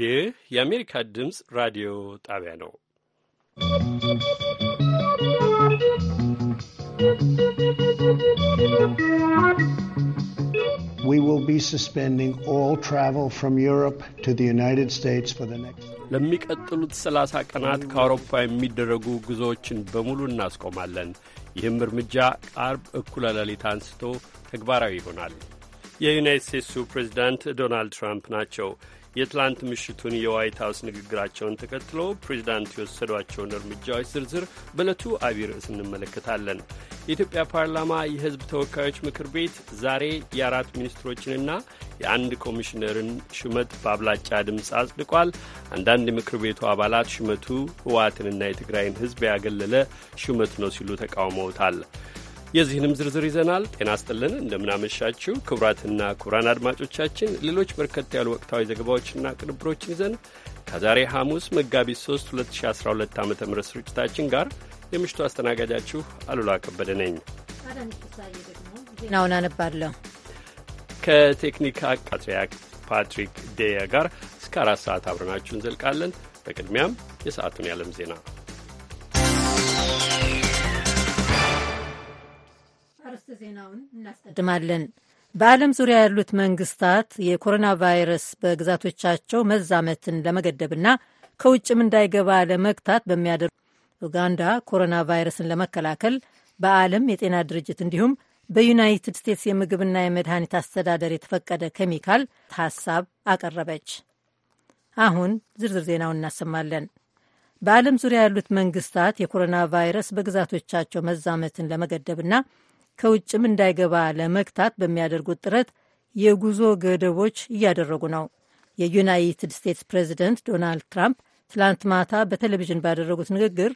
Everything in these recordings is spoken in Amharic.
ይህ የአሜሪካ ድምፅ ራዲዮ ጣቢያ ነው። ለሚቀጥሉት 30 ቀናት ከአውሮፓ የሚደረጉ ጉዞዎችን በሙሉ እናስቆማለን። ይህም እርምጃ አርብ እኩለ ሌሊት አንስቶ ተግባራዊ ይሆናል። የዩናይት ስቴትሱ ፕሬዚዳንት ዶናልድ ትራምፕ ናቸው። የትላንት ምሽቱን የዋይት ሀውስ ንግግራቸውን ተከትሎ ፕሬዚዳንት የወሰዷቸውን እርምጃዎች ዝርዝር በዕለቱ አቢይ ርዕስ እንመለከታለን። የኢትዮጵያ ፓርላማ የሕዝብ ተወካዮች ምክር ቤት ዛሬ የአራት ሚኒስትሮችንና የአንድ ኮሚሽነርን ሹመት በአብላጫ ድምፅ አጽድቋል። አንዳንድ የምክር ቤቱ አባላት ሹመቱ ህወሓትንና የትግራይን ሕዝብ ያገለለ ሹመት ነው ሲሉ ተቃውመውታል። የዚህንም ዝርዝር ይዘናል። ጤና ስጥልን፣ እንደምናመሻችው ክቡራትና ክቡራን አድማጮቻችን ሌሎች በርከት ያሉ ወቅታዊ ዘገባዎችና ቅንብሮችን ይዘን ከዛሬ ሐሙስ መጋቢት 3 2012 ዓ ም ስርጭታችን ጋር የምሽቱ አስተናጋጃችሁ አሉላ ከበደ ነኝ። ዜናውን አነባለሁ። ከቴክኒክ አቃጽያ ፓትሪክ ዴያ ጋር እስከ አራት ሰዓት አብረናችሁ እንዘልቃለን። በቅድሚያም የሰዓቱን የዓለም ዜና እናስቀድማለን። በዓለም ዙሪያ ያሉት መንግስታት የኮሮና ቫይረስ በግዛቶቻቸው መዛመትን ለመገደብና ከውጭም እንዳይገባ ለመግታት በሚያደርጉ ኡጋንዳ ኮሮና ቫይረስን ለመከላከል በዓለም የጤና ድርጅት እንዲሁም በዩናይትድ ስቴትስ የምግብና የመድኃኒት አስተዳደር የተፈቀደ ኬሚካል ሀሳብ አቀረበች። አሁን ዝርዝር ዜናውን እናሰማለን። በዓለም ዙሪያ ያሉት መንግስታት የኮሮና ቫይረስ በግዛቶቻቸው መዛመትን ለመገደብና ከውጭም እንዳይገባ ለመግታት በሚያደርጉት ጥረት የጉዞ ገደቦች እያደረጉ ነው። የዩናይትድ ስቴትስ ፕሬዚደንት ዶናልድ ትራምፕ ትላንት ማታ በቴሌቪዥን ባደረጉት ንግግር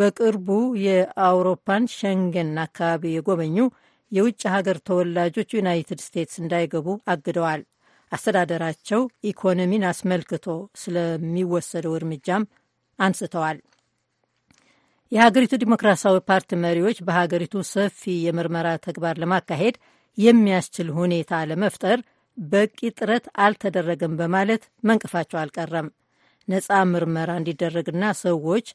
በቅርቡ የአውሮፓን ሸንገን አካባቢ የጎበኙ የውጭ ሀገር ተወላጆች ዩናይትድ ስቴትስ እንዳይገቡ አግደዋል። አስተዳደራቸው ኢኮኖሚን አስመልክቶ ስለሚወሰደው እርምጃም አንስተዋል። የሀገሪቱ ዲሞክራሲያዊ ፓርቲ መሪዎች በሀገሪቱ ሰፊ የምርመራ ተግባር ለማካሄድ የሚያስችል ሁኔታ ለመፍጠር በቂ ጥረት አልተደረገም በማለት መንቀፋቸው አልቀረም። ነፃ ምርመራ እንዲደረግና ሰዎች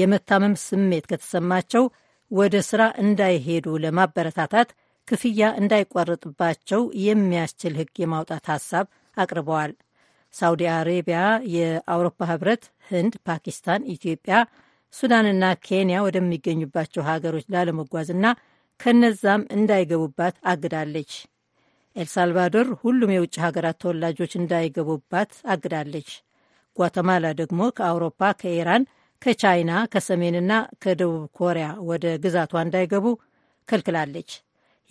የመታመም ስሜት ከተሰማቸው ወደ ስራ እንዳይሄዱ ለማበረታታት ክፍያ እንዳይቋረጥባቸው የሚያስችል ሕግ የማውጣት ሀሳብ አቅርበዋል። ሳውዲ አሬቢያ፣ የአውሮፓ ህብረት፣ ህንድ፣ ፓኪስታን፣ ኢትዮጵያ ሱዳንና ኬንያ ወደሚገኙባቸው ሀገሮች ላለመጓዝና ከነዛም እንዳይገቡባት አግዳለች። ኤልሳልቫዶር ሁሉም የውጭ ሀገራት ተወላጆች እንዳይገቡባት አግዳለች። ጓተማላ ደግሞ ከአውሮፓ፣ ከኢራን፣ ከቻይና፣ ከሰሜንና ከደቡብ ኮሪያ ወደ ግዛቷ እንዳይገቡ ከልክላለች።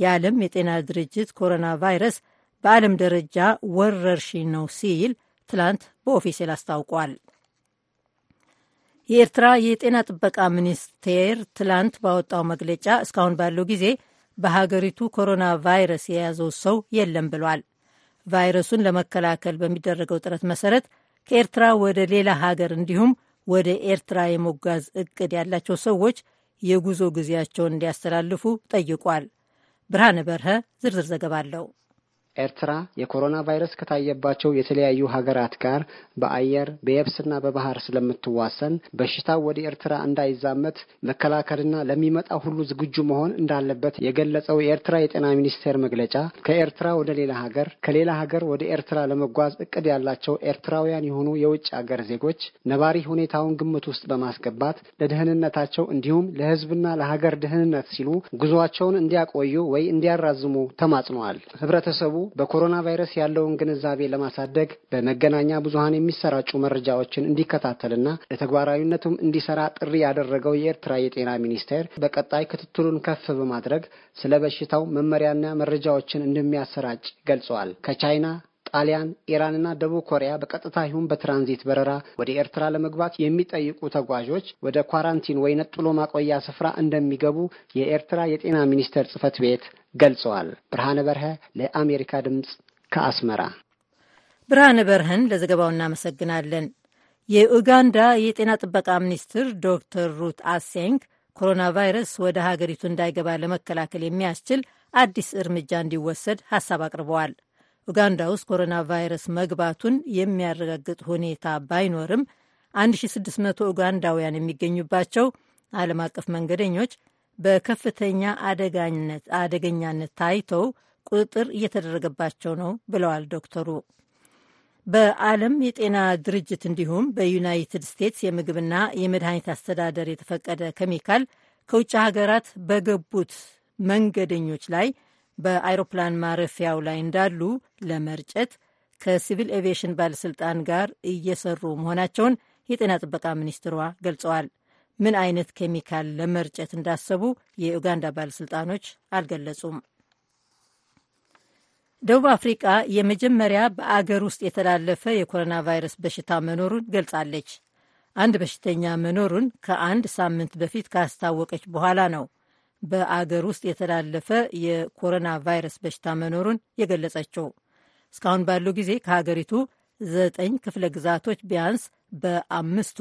የዓለም የጤና ድርጅት ኮሮና ቫይረስ በዓለም ደረጃ ወረርሽኝ ነው ሲል ትላንት በኦፊሴል አስታውቋል። የኤርትራ የጤና ጥበቃ ሚኒስቴር ትላንት ባወጣው መግለጫ እስካሁን ባለው ጊዜ በሀገሪቱ ኮሮና ቫይረስ የያዘው ሰው የለም ብሏል። ቫይረሱን ለመከላከል በሚደረገው ጥረት መሰረት ከኤርትራ ወደ ሌላ ሀገር እንዲሁም ወደ ኤርትራ የመጓዝ እቅድ ያላቸው ሰዎች የጉዞ ጊዜያቸውን እንዲያስተላልፉ ጠይቋል። ብርሃነ በርሀ ዝርዝር ዘገባ አለው። ኤርትራ የኮሮና ቫይረስ ከታየባቸው የተለያዩ ሀገራት ጋር በአየር በየብስና በባህር ስለምትዋሰን በሽታው ወደ ኤርትራ እንዳይዛመት መከላከልና ለሚመጣ ሁሉ ዝግጁ መሆን እንዳለበት የገለጸው የኤርትራ የጤና ሚኒስቴር መግለጫ ከኤርትራ ወደ ሌላ ሀገር ከሌላ ሀገር ወደ ኤርትራ ለመጓዝ እቅድ ያላቸው ኤርትራውያን የሆኑ የውጭ ሀገር ዜጎች ነባሪ ሁኔታውን ግምት ውስጥ በማስገባት ለደህንነታቸው እንዲሁም ለሕዝብና ለሀገር ደህንነት ሲሉ ጉዞአቸውን እንዲያቆዩ ወይ እንዲያራዝሙ ተማጽነዋል። ህብረተሰቡ በኮሮና ቫይረስ ያለውን ግንዛቤ ለማሳደግ በመገናኛ ብዙሀን የሚሰራጩ መረጃዎችን እንዲከታተልና ለተግባራዊነቱም እንዲሰራ ጥሪ ያደረገው የኤርትራ የጤና ሚኒስቴር በቀጣይ ክትትሉን ከፍ በማድረግ ስለ በሽታው መመሪያና መረጃዎችን እንደሚያሰራጭ ገልጸዋል። ከቻይና ጣሊያን፣ ኢራንና ደቡብ ኮሪያ በቀጥታ ይሁን በትራንዚት በረራ ወደ ኤርትራ ለመግባት የሚጠይቁ ተጓዦች ወደ ኳራንቲን ወይ ነጥሎ ማቆያ ስፍራ እንደሚገቡ የኤርትራ የጤና ሚኒስቴር ጽህፈት ቤት ገልጸዋል። ብርሃነ በርሀ ለአሜሪካ ድምፅ ከአስመራ። ብርሃነ በርህን ለዘገባው እናመሰግናለን። የኡጋንዳ የጤና ጥበቃ ሚኒስትር ዶክተር ሩት አሴንግ ኮሮና ቫይረስ ወደ ሀገሪቱ እንዳይገባ ለመከላከል የሚያስችል አዲስ እርምጃ እንዲወሰድ ሀሳብ አቅርበዋል። ኡጋንዳ ውስጥ ኮሮና ቫይረስ መግባቱን የሚያረጋግጥ ሁኔታ ባይኖርም 1600 ኡጋንዳውያን የሚገኙባቸው ዓለም አቀፍ መንገደኞች በከፍተኛ አደጋነት አደገኛነት ታይተው ቁጥጥር እየተደረገባቸው ነው ብለዋል ዶክተሩ። በዓለም የጤና ድርጅት እንዲሁም በዩናይትድ ስቴትስ የምግብና የመድኃኒት አስተዳደር የተፈቀደ ኬሚካል ከውጭ ሀገራት በገቡት መንገደኞች ላይ በአይሮፕላን ማረፊያው ላይ እንዳሉ ለመርጨት ከሲቪል ኤቪዬሽን ባለሥልጣን ጋር እየሰሩ መሆናቸውን የጤና ጥበቃ ሚኒስትሯ ገልጸዋል። ምን አይነት ኬሚካል ለመርጨት እንዳሰቡ የኡጋንዳ ባለሥልጣኖች አልገለጹም። ደቡብ አፍሪቃ የመጀመሪያ በአገር ውስጥ የተላለፈ የኮሮና ቫይረስ በሽታ መኖሩን ገልጻለች። አንድ በሽተኛ መኖሩን ከአንድ ሳምንት በፊት ካስታወቀች በኋላ ነው በአገር ውስጥ የተላለፈ የኮሮና ቫይረስ በሽታ መኖሩን የገለጸችው። እስካሁን ባለው ጊዜ ከሀገሪቱ ዘጠኝ ክፍለ ግዛቶች ቢያንስ በአምስቱ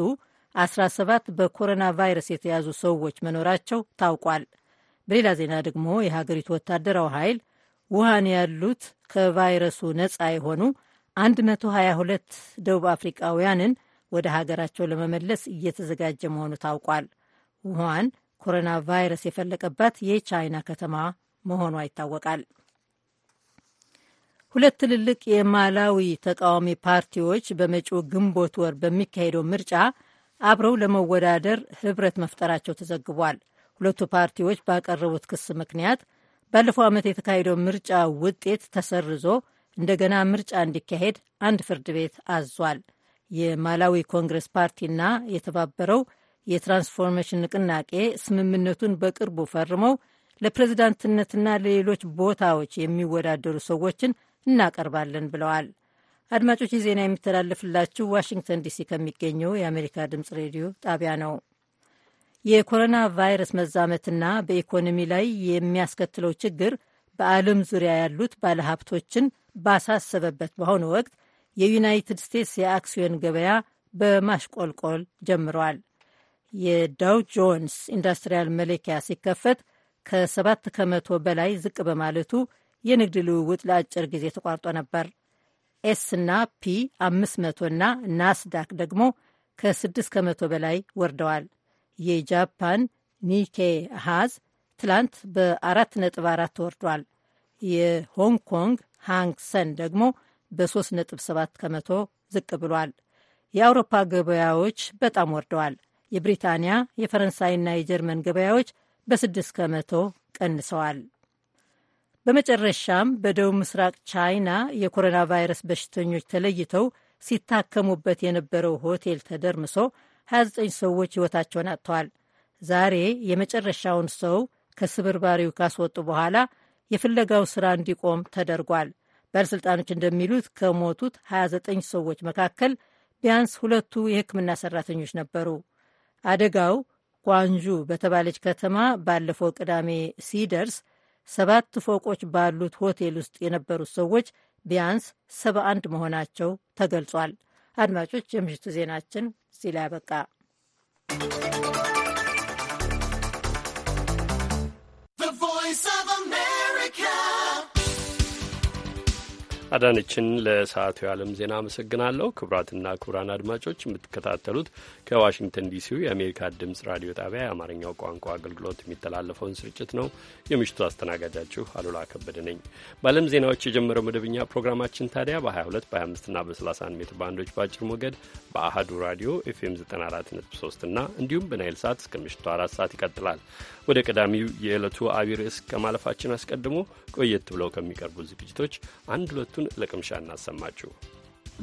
17 በኮሮና ቫይረስ የተያዙ ሰዎች መኖራቸው ታውቋል። በሌላ ዜና ደግሞ የሀገሪቱ ወታደራዊ ኃይል ውሃን ያሉት ከቫይረሱ ነፃ የሆኑ 122 ደቡብ አፍሪቃውያንን ወደ ሀገራቸው ለመመለስ እየተዘጋጀ መሆኑ ታውቋል። ውሃን ኮሮና ቫይረስ የፈለቀባት የቻይና ከተማ መሆኗ ይታወቃል። ሁለት ትልልቅ የማላዊ ተቃዋሚ ፓርቲዎች በመጪው ግንቦት ወር በሚካሄደው ምርጫ አብረው ለመወዳደር ህብረት መፍጠራቸው ተዘግቧል። ሁለቱ ፓርቲዎች ባቀረቡት ክስ ምክንያት ባለፈው ዓመት የተካሄደው ምርጫ ውጤት ተሰርዞ እንደገና ምርጫ እንዲካሄድ አንድ ፍርድ ቤት አዟል። የማላዊ ኮንግረስ ፓርቲና የተባበረው የትራንስፎርሜሽን ንቅናቄ ስምምነቱን በቅርቡ ፈርመው ለፕሬዝዳንትነትና ለሌሎች ቦታዎች የሚወዳደሩ ሰዎችን እናቀርባለን ብለዋል። አድማጮች ዜና የሚተላለፍላችሁ ዋሽንግተን ዲሲ ከሚገኘው የአሜሪካ ድምፅ ሬዲዮ ጣቢያ ነው። የኮሮና ቫይረስ መዛመትና በኢኮኖሚ ላይ የሚያስከትለው ችግር በዓለም ዙሪያ ያሉት ባለሀብቶችን ባሳሰበበት በአሁኑ ወቅት የዩናይትድ ስቴትስ የአክሲዮን ገበያ በማሽቆልቆል ጀምረዋል። የዳው ጆንስ ኢንዱስትሪያል መለኪያ ሲከፈት ከሰባት ከመቶ በላይ ዝቅ በማለቱ የንግድ ልውውጥ ለአጭር ጊዜ ተቋርጦ ነበር። ኤስ እና ፒ 500 እና ናስዳክ ደግሞ ከ6 ከመቶ በላይ ወርደዋል። የጃፓን ኒኬ አሃዝ ትላንት በ4.4 ወርዷል። የሆንግ ኮንግ ሃንግ ሰን ደግሞ በ3.7 ከመቶ ዝቅ ብሏል። የአውሮፓ ገበያዎች በጣም ወርደዋል። የብሪታንያ የፈረንሳይና የጀርመን ገበያዎች በስድስት ከመቶ ቀንሰዋል። በመጨረሻም በደቡብ ምስራቅ ቻይና የኮሮና ቫይረስ በሽተኞች ተለይተው ሲታከሙበት የነበረው ሆቴል ተደርምሶ 29 ሰዎች ሕይወታቸውን አጥተዋል። ዛሬ የመጨረሻውን ሰው ከስብርባሪው ካስወጡ በኋላ የፍለጋው ሥራ እንዲቆም ተደርጓል። ባለሥልጣኖች እንደሚሉት ከሞቱት 29 ሰዎች መካከል ቢያንስ ሁለቱ የሕክምና ሠራተኞች ነበሩ። አደጋው ጓንዡ በተባለች ከተማ ባለፈው ቅዳሜ ሲደርስ ሰባት ፎቆች ባሉት ሆቴል ውስጥ የነበሩት ሰዎች ቢያንስ ሰባ አንድ መሆናቸው ተገልጿል። አድማጮች፣ የምሽቱ ዜናችን እዚህ ላይ አበቃ። አዳነችን ለሰዓቱ የዓለም ዜና አመሰግናለሁ። ክቡራትና ክቡራን አድማጮች የምትከታተሉት ከዋሽንግተን ዲሲው የአሜሪካ ድምፅ ራዲዮ ጣቢያ የአማርኛው ቋንቋ አገልግሎት የሚተላለፈውን ስርጭት ነው። የምሽቱ አስተናጋጃችሁ አሉላ ከበደ ነኝ። በዓለም ዜናዎች የጀመረው መደበኛ ፕሮግራማችን ታዲያ በ22 በ25ና በ31 ሜትር ባንዶች በአጭር ሞገድ በአህዱ ራዲዮ ኤፍኤም 943 እና እንዲሁም በናይል ሰዓት እስከ ምሽቱ አራት ሰዓት ይቀጥላል። ወደ ቀዳሚው የዕለቱ አቢይ ርዕስ ከማለፋችን አስቀድሞ ቆየት ብለው ከሚቀርቡ ዝግጅቶች አንድ ሁለቱን ለቅምሻ እናሰማችሁ።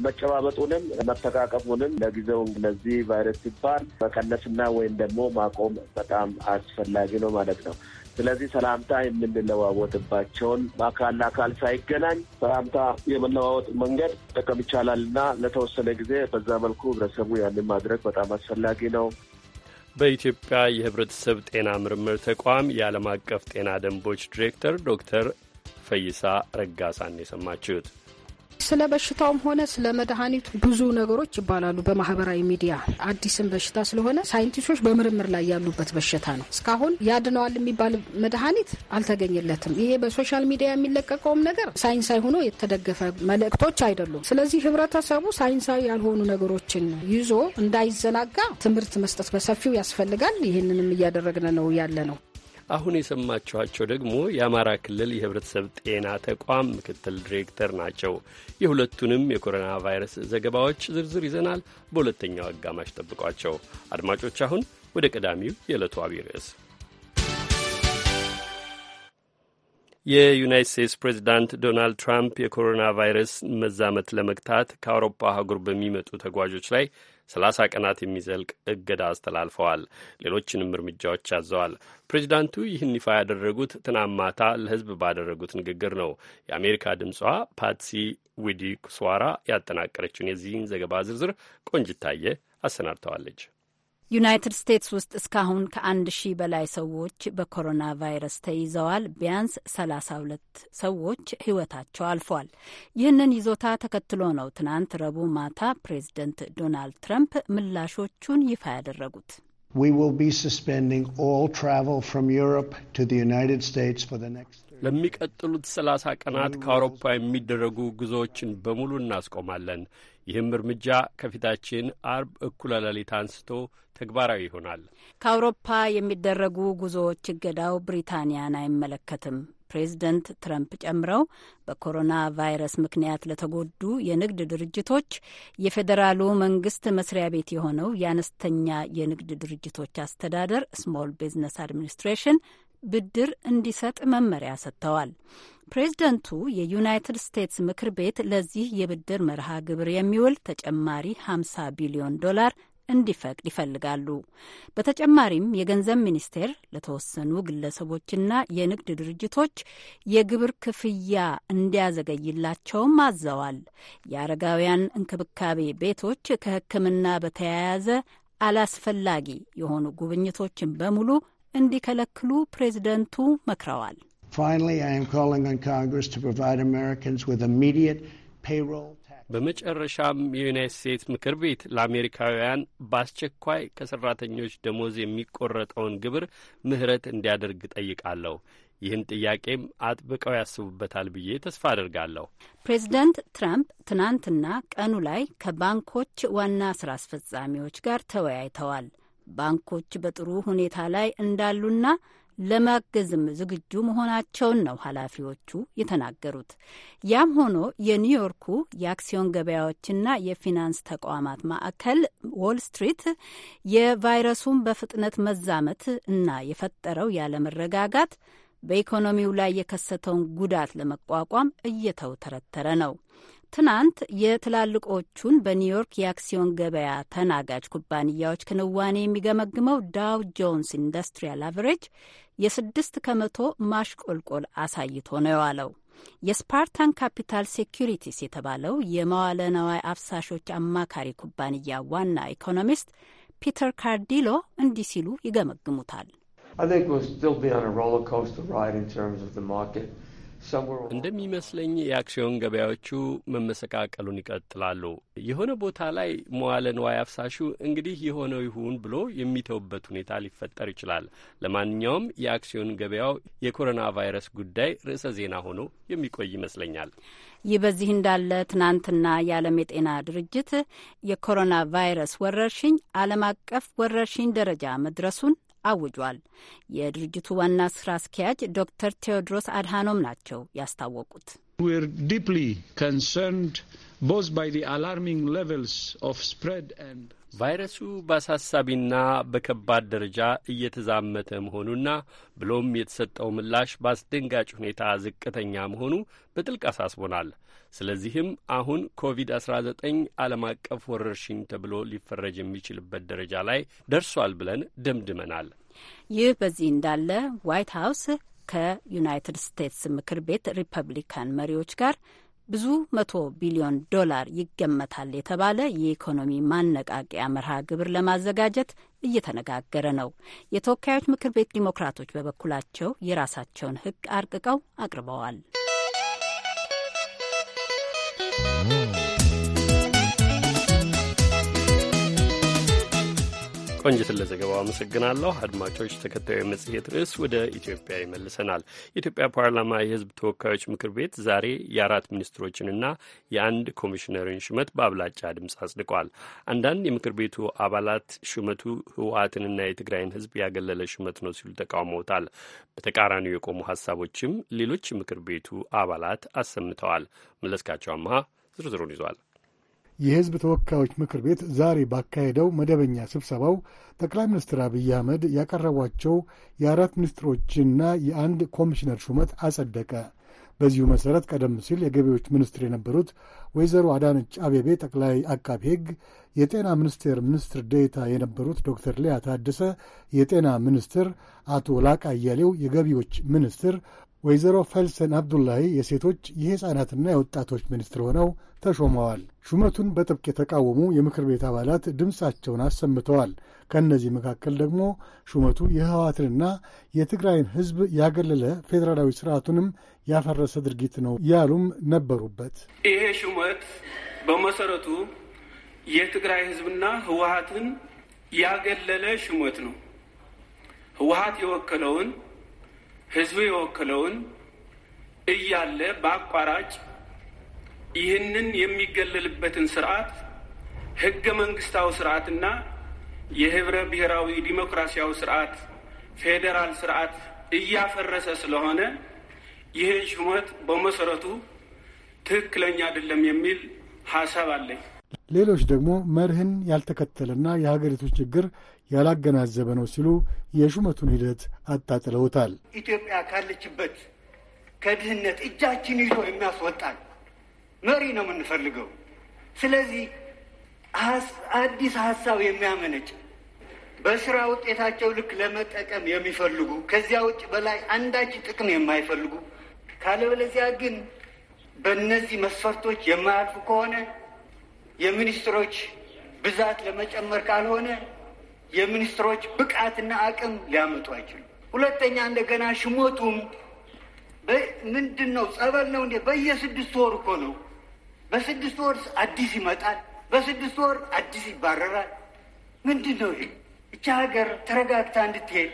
መጨባበጡንም መተቃቀፉንም ለጊዜው ለዚህ ቫይረስ ሲባል መቀነስና ወይም ደግሞ ማቆም በጣም አስፈላጊ ነው ማለት ነው። ስለዚህ ሰላምታ የምንለዋወጥባቸውን በአካል ለአካል ሳይገናኝ ሰላምታ የመለዋወጥ መንገድ ጠቀም ይቻላል እና ለተወሰነ ጊዜ በዛ መልኩ ህብረተሰቡ ያንን ማድረግ በጣም አስፈላጊ ነው። በኢትዮጵያ የህብረተሰብ ጤና ምርምር ተቋም የዓለም አቀፍ ጤና ደንቦች ዲሬክተር ዶክተር ፈይሳ ረጋሳን የሰማችሁት። ስለ በሽታውም ሆነ ስለ መድኃኒቱ ብዙ ነገሮች ይባላሉ በማህበራዊ ሚዲያ። አዲስም በሽታ ስለሆነ ሳይንቲስቶች በምርምር ላይ ያሉበት በሽታ ነው። እስካሁን ያድነዋል የሚባል መድኃኒት አልተገኘለትም። ይሄ በሶሻል ሚዲያ የሚለቀቀውም ነገር ሳይንሳዊ ሆኖ የተደገፈ መልእክቶች አይደሉም። ስለዚህ ህብረተሰቡ ሳይንሳዊ ያልሆኑ ነገሮችን ይዞ እንዳይዘናጋ ትምህርት መስጠት በሰፊው ያስፈልጋል። ይህንንም እያደረግን ነው ያለ ነው። አሁን የሰማችኋቸው ደግሞ የአማራ ክልል የህብረተሰብ ጤና ተቋም ምክትል ዲሬክተር ናቸው። የሁለቱንም የኮሮና ቫይረስ ዘገባዎች ዝርዝር ይዘናል። በሁለተኛው አጋማሽ ጠብቋቸው አድማጮች። አሁን ወደ ቀዳሚው የዕለቱ አብይ ርዕስ የዩናይት ስቴትስ ፕሬዚዳንት ዶናልድ ትራምፕ የኮሮና ቫይረስ መዛመት ለመግታት ከአውሮፓ አህጉር በሚመጡ ተጓዦች ላይ ሰላሳ ቀናት የሚዘልቅ እገዳ አስተላልፈዋል። ሌሎችንም እርምጃዎች አዘዋል። ፕሬዚዳንቱ ይህን ይፋ ያደረጉት ትናንት ማታ ለሕዝብ ባደረጉት ንግግር ነው። የአሜሪካ ድምጿ ፓትሲ ዊዲ ኩስዋራ ያጠናቀረችውን የዚህን ዘገባ ዝርዝር ቆንጅታየ አሰናድተዋለች። ዩናይትድ ስቴትስ ውስጥ እስካሁን ከአንድ ሺህ በላይ ሰዎች በኮሮና ቫይረስ ተይዘዋል። ቢያንስ ሰላሳ ሁለት ሰዎች ሕይወታቸው አልፏል። ይህንን ይዞታ ተከትሎ ነው ትናንት ረቡዕ ማታ ፕሬዝደንት ዶናልድ ትራምፕ ምላሾቹን ይፋ ያደረጉት። We will be suspending all travel from Europe to the United States for the next ለሚቀጥሉት ሰላሳ ቀናት ከአውሮፓ የሚደረጉ ጉዞዎችን በሙሉ እናስቆማለን። ይህም እርምጃ ከፊታችን አርብ እኩለ ሌሊት አንስቶ ተግባራዊ ይሆናል። ከአውሮፓ የሚደረጉ ጉዞዎች እገዳው ብሪታንያን አይመለከትም። ፕሬዝደንት ትረምፕ ጨምረው በኮሮና ቫይረስ ምክንያት ለተጎዱ የንግድ ድርጅቶች የፌዴራሉ መንግስት መስሪያ ቤት የሆነው የአነስተኛ የንግድ ድርጅቶች አስተዳደር ስሞል ቢዝነስ አድሚኒስትሬሽን ብድር እንዲሰጥ መመሪያ ሰጥተዋል። ፕሬዝደንቱ የዩናይትድ ስቴትስ ምክር ቤት ለዚህ የብድር መርሃ ግብር የሚውል ተጨማሪ 50 ቢሊዮን ዶላር እንዲፈቅድ ይፈልጋሉ። በተጨማሪም የገንዘብ ሚኒስቴር ለተወሰኑ ግለሰቦችና የንግድ ድርጅቶች የግብር ክፍያ እንዲያዘገይላቸውም አዘዋል። የአረጋውያን እንክብካቤ ቤቶች ከሕክምና በተያያዘ አላስፈላጊ የሆኑ ጉብኝቶችን በሙሉ እንዲከለክሉ ፕሬዝደንቱ መክረዋል። በመጨረሻም የዩናይት ስቴትስ ምክር ቤት ለአሜሪካውያን በአስቸኳይ ከሰራተኞች ደሞዝ የሚቆረጠውን ግብር ምህረት እንዲያደርግ ጠይቃለሁ። ይህን ጥያቄም አጥብቀው ያስቡበታል ብዬ ተስፋ አድርጋለሁ። ፕሬዚደንት ትራምፕ ትናንትና ቀኑ ላይ ከባንኮች ዋና ስራ አስፈጻሚዎች ጋር ተወያይተዋል። ባንኮች በጥሩ ሁኔታ ላይ እንዳሉና ለማገዝም ዝግጁ መሆናቸውን ነው ኃላፊዎቹ የተናገሩት። ያም ሆኖ የኒውዮርኩ የአክሲዮን ገበያዎችና የፊናንስ ተቋማት ማዕከል ዎል ስትሪት የቫይረሱን በፍጥነት መዛመት እና የፈጠረው ያለመረጋጋት በኢኮኖሚው ላይ የከሰተውን ጉዳት ለመቋቋም እየተውተረተረ ነው። ትናንት የትላልቆቹን በኒውዮርክ የአክሲዮን ገበያ ተናጋጅ ኩባንያዎች ክንዋኔ የሚገመግመው ዳው ጆንስ ኢንዱስትሪያል አቨሬጅ የስድስት ከመቶ ማሽቆልቆል አሳይቶ ነው የዋለው። የስፓርታን ካፒታል ሴኩሪቲስ የተባለው የመዋለ ነዋይ አፍሳሾች አማካሪ ኩባንያ ዋና ኢኮኖሚስት ፒተር ካርዲሎ እንዲህ ሲሉ ይገመግሙታል። እንደሚመስለኝ የአክሲዮን ገበያዎቹ መመሰቃቀሉን ይቀጥላሉ። የሆነ ቦታ ላይ መዋለ ንዋይ አፍሳሹ እንግዲህ የሆነው ይሁን ብሎ የሚተውበት ሁኔታ ሊፈጠር ይችላል። ለማንኛውም የአክሲዮን ገበያው የኮሮና ቫይረስ ጉዳይ ርዕሰ ዜና ሆኖ የሚቆይ ይመስለኛል። ይህ በዚህ እንዳለ ትናንትና የዓለም የጤና ድርጅት የኮሮና ቫይረስ ወረርሽኝ ዓለም አቀፍ ወረርሽኝ ደረጃ መድረሱን አውጇል። የድርጅቱ ዋና ስራ አስኪያጅ ዶክተር ቴዎድሮስ አድሃኖም ናቸው ያስታወቁት። ቫይረሱ በአሳሳቢና በከባድ ደረጃ እየተዛመተ መሆኑና ብሎም የተሰጠው ምላሽ በአስደንጋጭ ሁኔታ ዝቅተኛ መሆኑ በጥልቅ አሳስቦናል። ስለዚህም አሁን ኮቪድ-19 ዓለም አቀፍ ወረርሽኝ ተብሎ ሊፈረጅ የሚችልበት ደረጃ ላይ ደርሷል ብለን ደምድመናል። ይህ በዚህ እንዳለ ዋይት ሀውስ ከዩናይትድ ስቴትስ ምክር ቤት ሪፐብሊካን መሪዎች ጋር ብዙ መቶ ቢሊዮን ዶላር ይገመታል የተባለ የኢኮኖሚ ማነቃቂያ መርሃ ግብር ለማዘጋጀት እየተነጋገረ ነው። የተወካዮች ምክር ቤት ዲሞክራቶች በበኩላቸው የራሳቸውን ሕግ አርቅቀው አቅርበዋል። Mm-hmm. ቆንጅትን ለዘገባው አመሰግናለሁ። አድማጮች፣ ተከታዩ የመጽሔት ርዕስ ወደ ኢትዮጵያ ይመልሰናል። የኢትዮጵያ ፓርላማ የሕዝብ ተወካዮች ምክር ቤት ዛሬ የአራት ሚኒስትሮችንና የአንድ ኮሚሽነርን ሹመት በአብላጫ ድምፅ አጽድቋል። አንዳንድ የምክር ቤቱ አባላት ሹመቱ ህወሓትንና የትግራይን ሕዝብ ያገለለ ሹመት ነው ሲሉ ተቃውመውታል። በተቃራኒው የቆሙ ሀሳቦችም ሌሎች የምክር ቤቱ አባላት አሰምተዋል። መለስካቸው አመሀ ዝርዝሩን ይዟል። የሕዝብ ተወካዮች ምክር ቤት ዛሬ ባካሄደው መደበኛ ስብሰባው ጠቅላይ ሚኒስትር አብይ አህመድ ያቀረቧቸው የአራት ሚኒስትሮችና የአንድ ኮሚሽነር ሹመት አጸደቀ። በዚሁ መሠረት ቀደም ሲል የገቢዎች ሚኒስትር የነበሩት ወይዘሮ አዳነች አቤቤ ጠቅላይ አቃቤ ሕግ፣ የጤና ሚኒስቴር ሚኒስትር ዴታ የነበሩት ዶክተር ሊያ ታደሰ የጤና ሚኒስትር፣ አቶ ላቃ አያሌው የገቢዎች ሚኒስትር፣ ወይዘሮ ፈልሰን አብዱላሂ የሴቶች የሕፃናትና የወጣቶች ሚኒስትር ሆነው ተሾመዋል። ሹመቱን በጥብቅ የተቃወሙ የምክር ቤት አባላት ድምፃቸውን አሰምተዋል። ከእነዚህ መካከል ደግሞ ሹመቱ የህወሓትንና የትግራይን ህዝብ ያገለለ ፌዴራላዊ ስርዓቱንም ያፈረሰ ድርጊት ነው ያሉም ነበሩበት። ይሄ ሹመት በመሰረቱ የትግራይ ህዝብና ህወሓትን ያገለለ ሹመት ነው። ህወሓት የወከለውን ህዝብ የወከለውን እያለ በአቋራጭ ይህንን የሚገለልበትን ስርዓት ህገ መንግስታዊ ስርዓትና የህብረ ብሔራዊ ዲሞክራሲያዊ ስርዓት ፌዴራል ስርዓት እያፈረሰ ስለሆነ ይህን ሹመት በመሰረቱ ትክክለኛ አይደለም የሚል ሀሳብ አለኝ። ሌሎች ደግሞ መርህን ያልተከተለና የሀገሪቱን ችግር ያላገናዘበ ነው ሲሉ የሹመቱን ሂደት አጣጥለውታል። ኢትዮጵያ ካለችበት ከድህነት እጃችን ይዞ የሚያስወጣል መሪ ነው የምንፈልገው። ስለዚህ አዲስ ሀሳብ የሚያመነጭ በስራ ውጤታቸው ልክ ለመጠቀም የሚፈልጉ ከዚያ ውጭ በላይ አንዳች ጥቅም የማይፈልጉ ካለበለዚያ ግን በእነዚህ መስፈርቶች የማያልፉ ከሆነ የሚኒስትሮች ብዛት ለመጨመር ካልሆነ የሚኒስትሮች ብቃትና አቅም ሊያመጡ አይችሉም። ሁለተኛ እንደገና ሽሞቱም ምንድን ነው? ጸበል ነው እንዴ? በየስድስት ወር እኮ ነው በስድስት ወር አዲስ ይመጣል፣ በስድስት ወር አዲስ ይባረራል። ምንድን ነው ይህ? እቻ ሀገር ተረጋግታ እንድትሄድ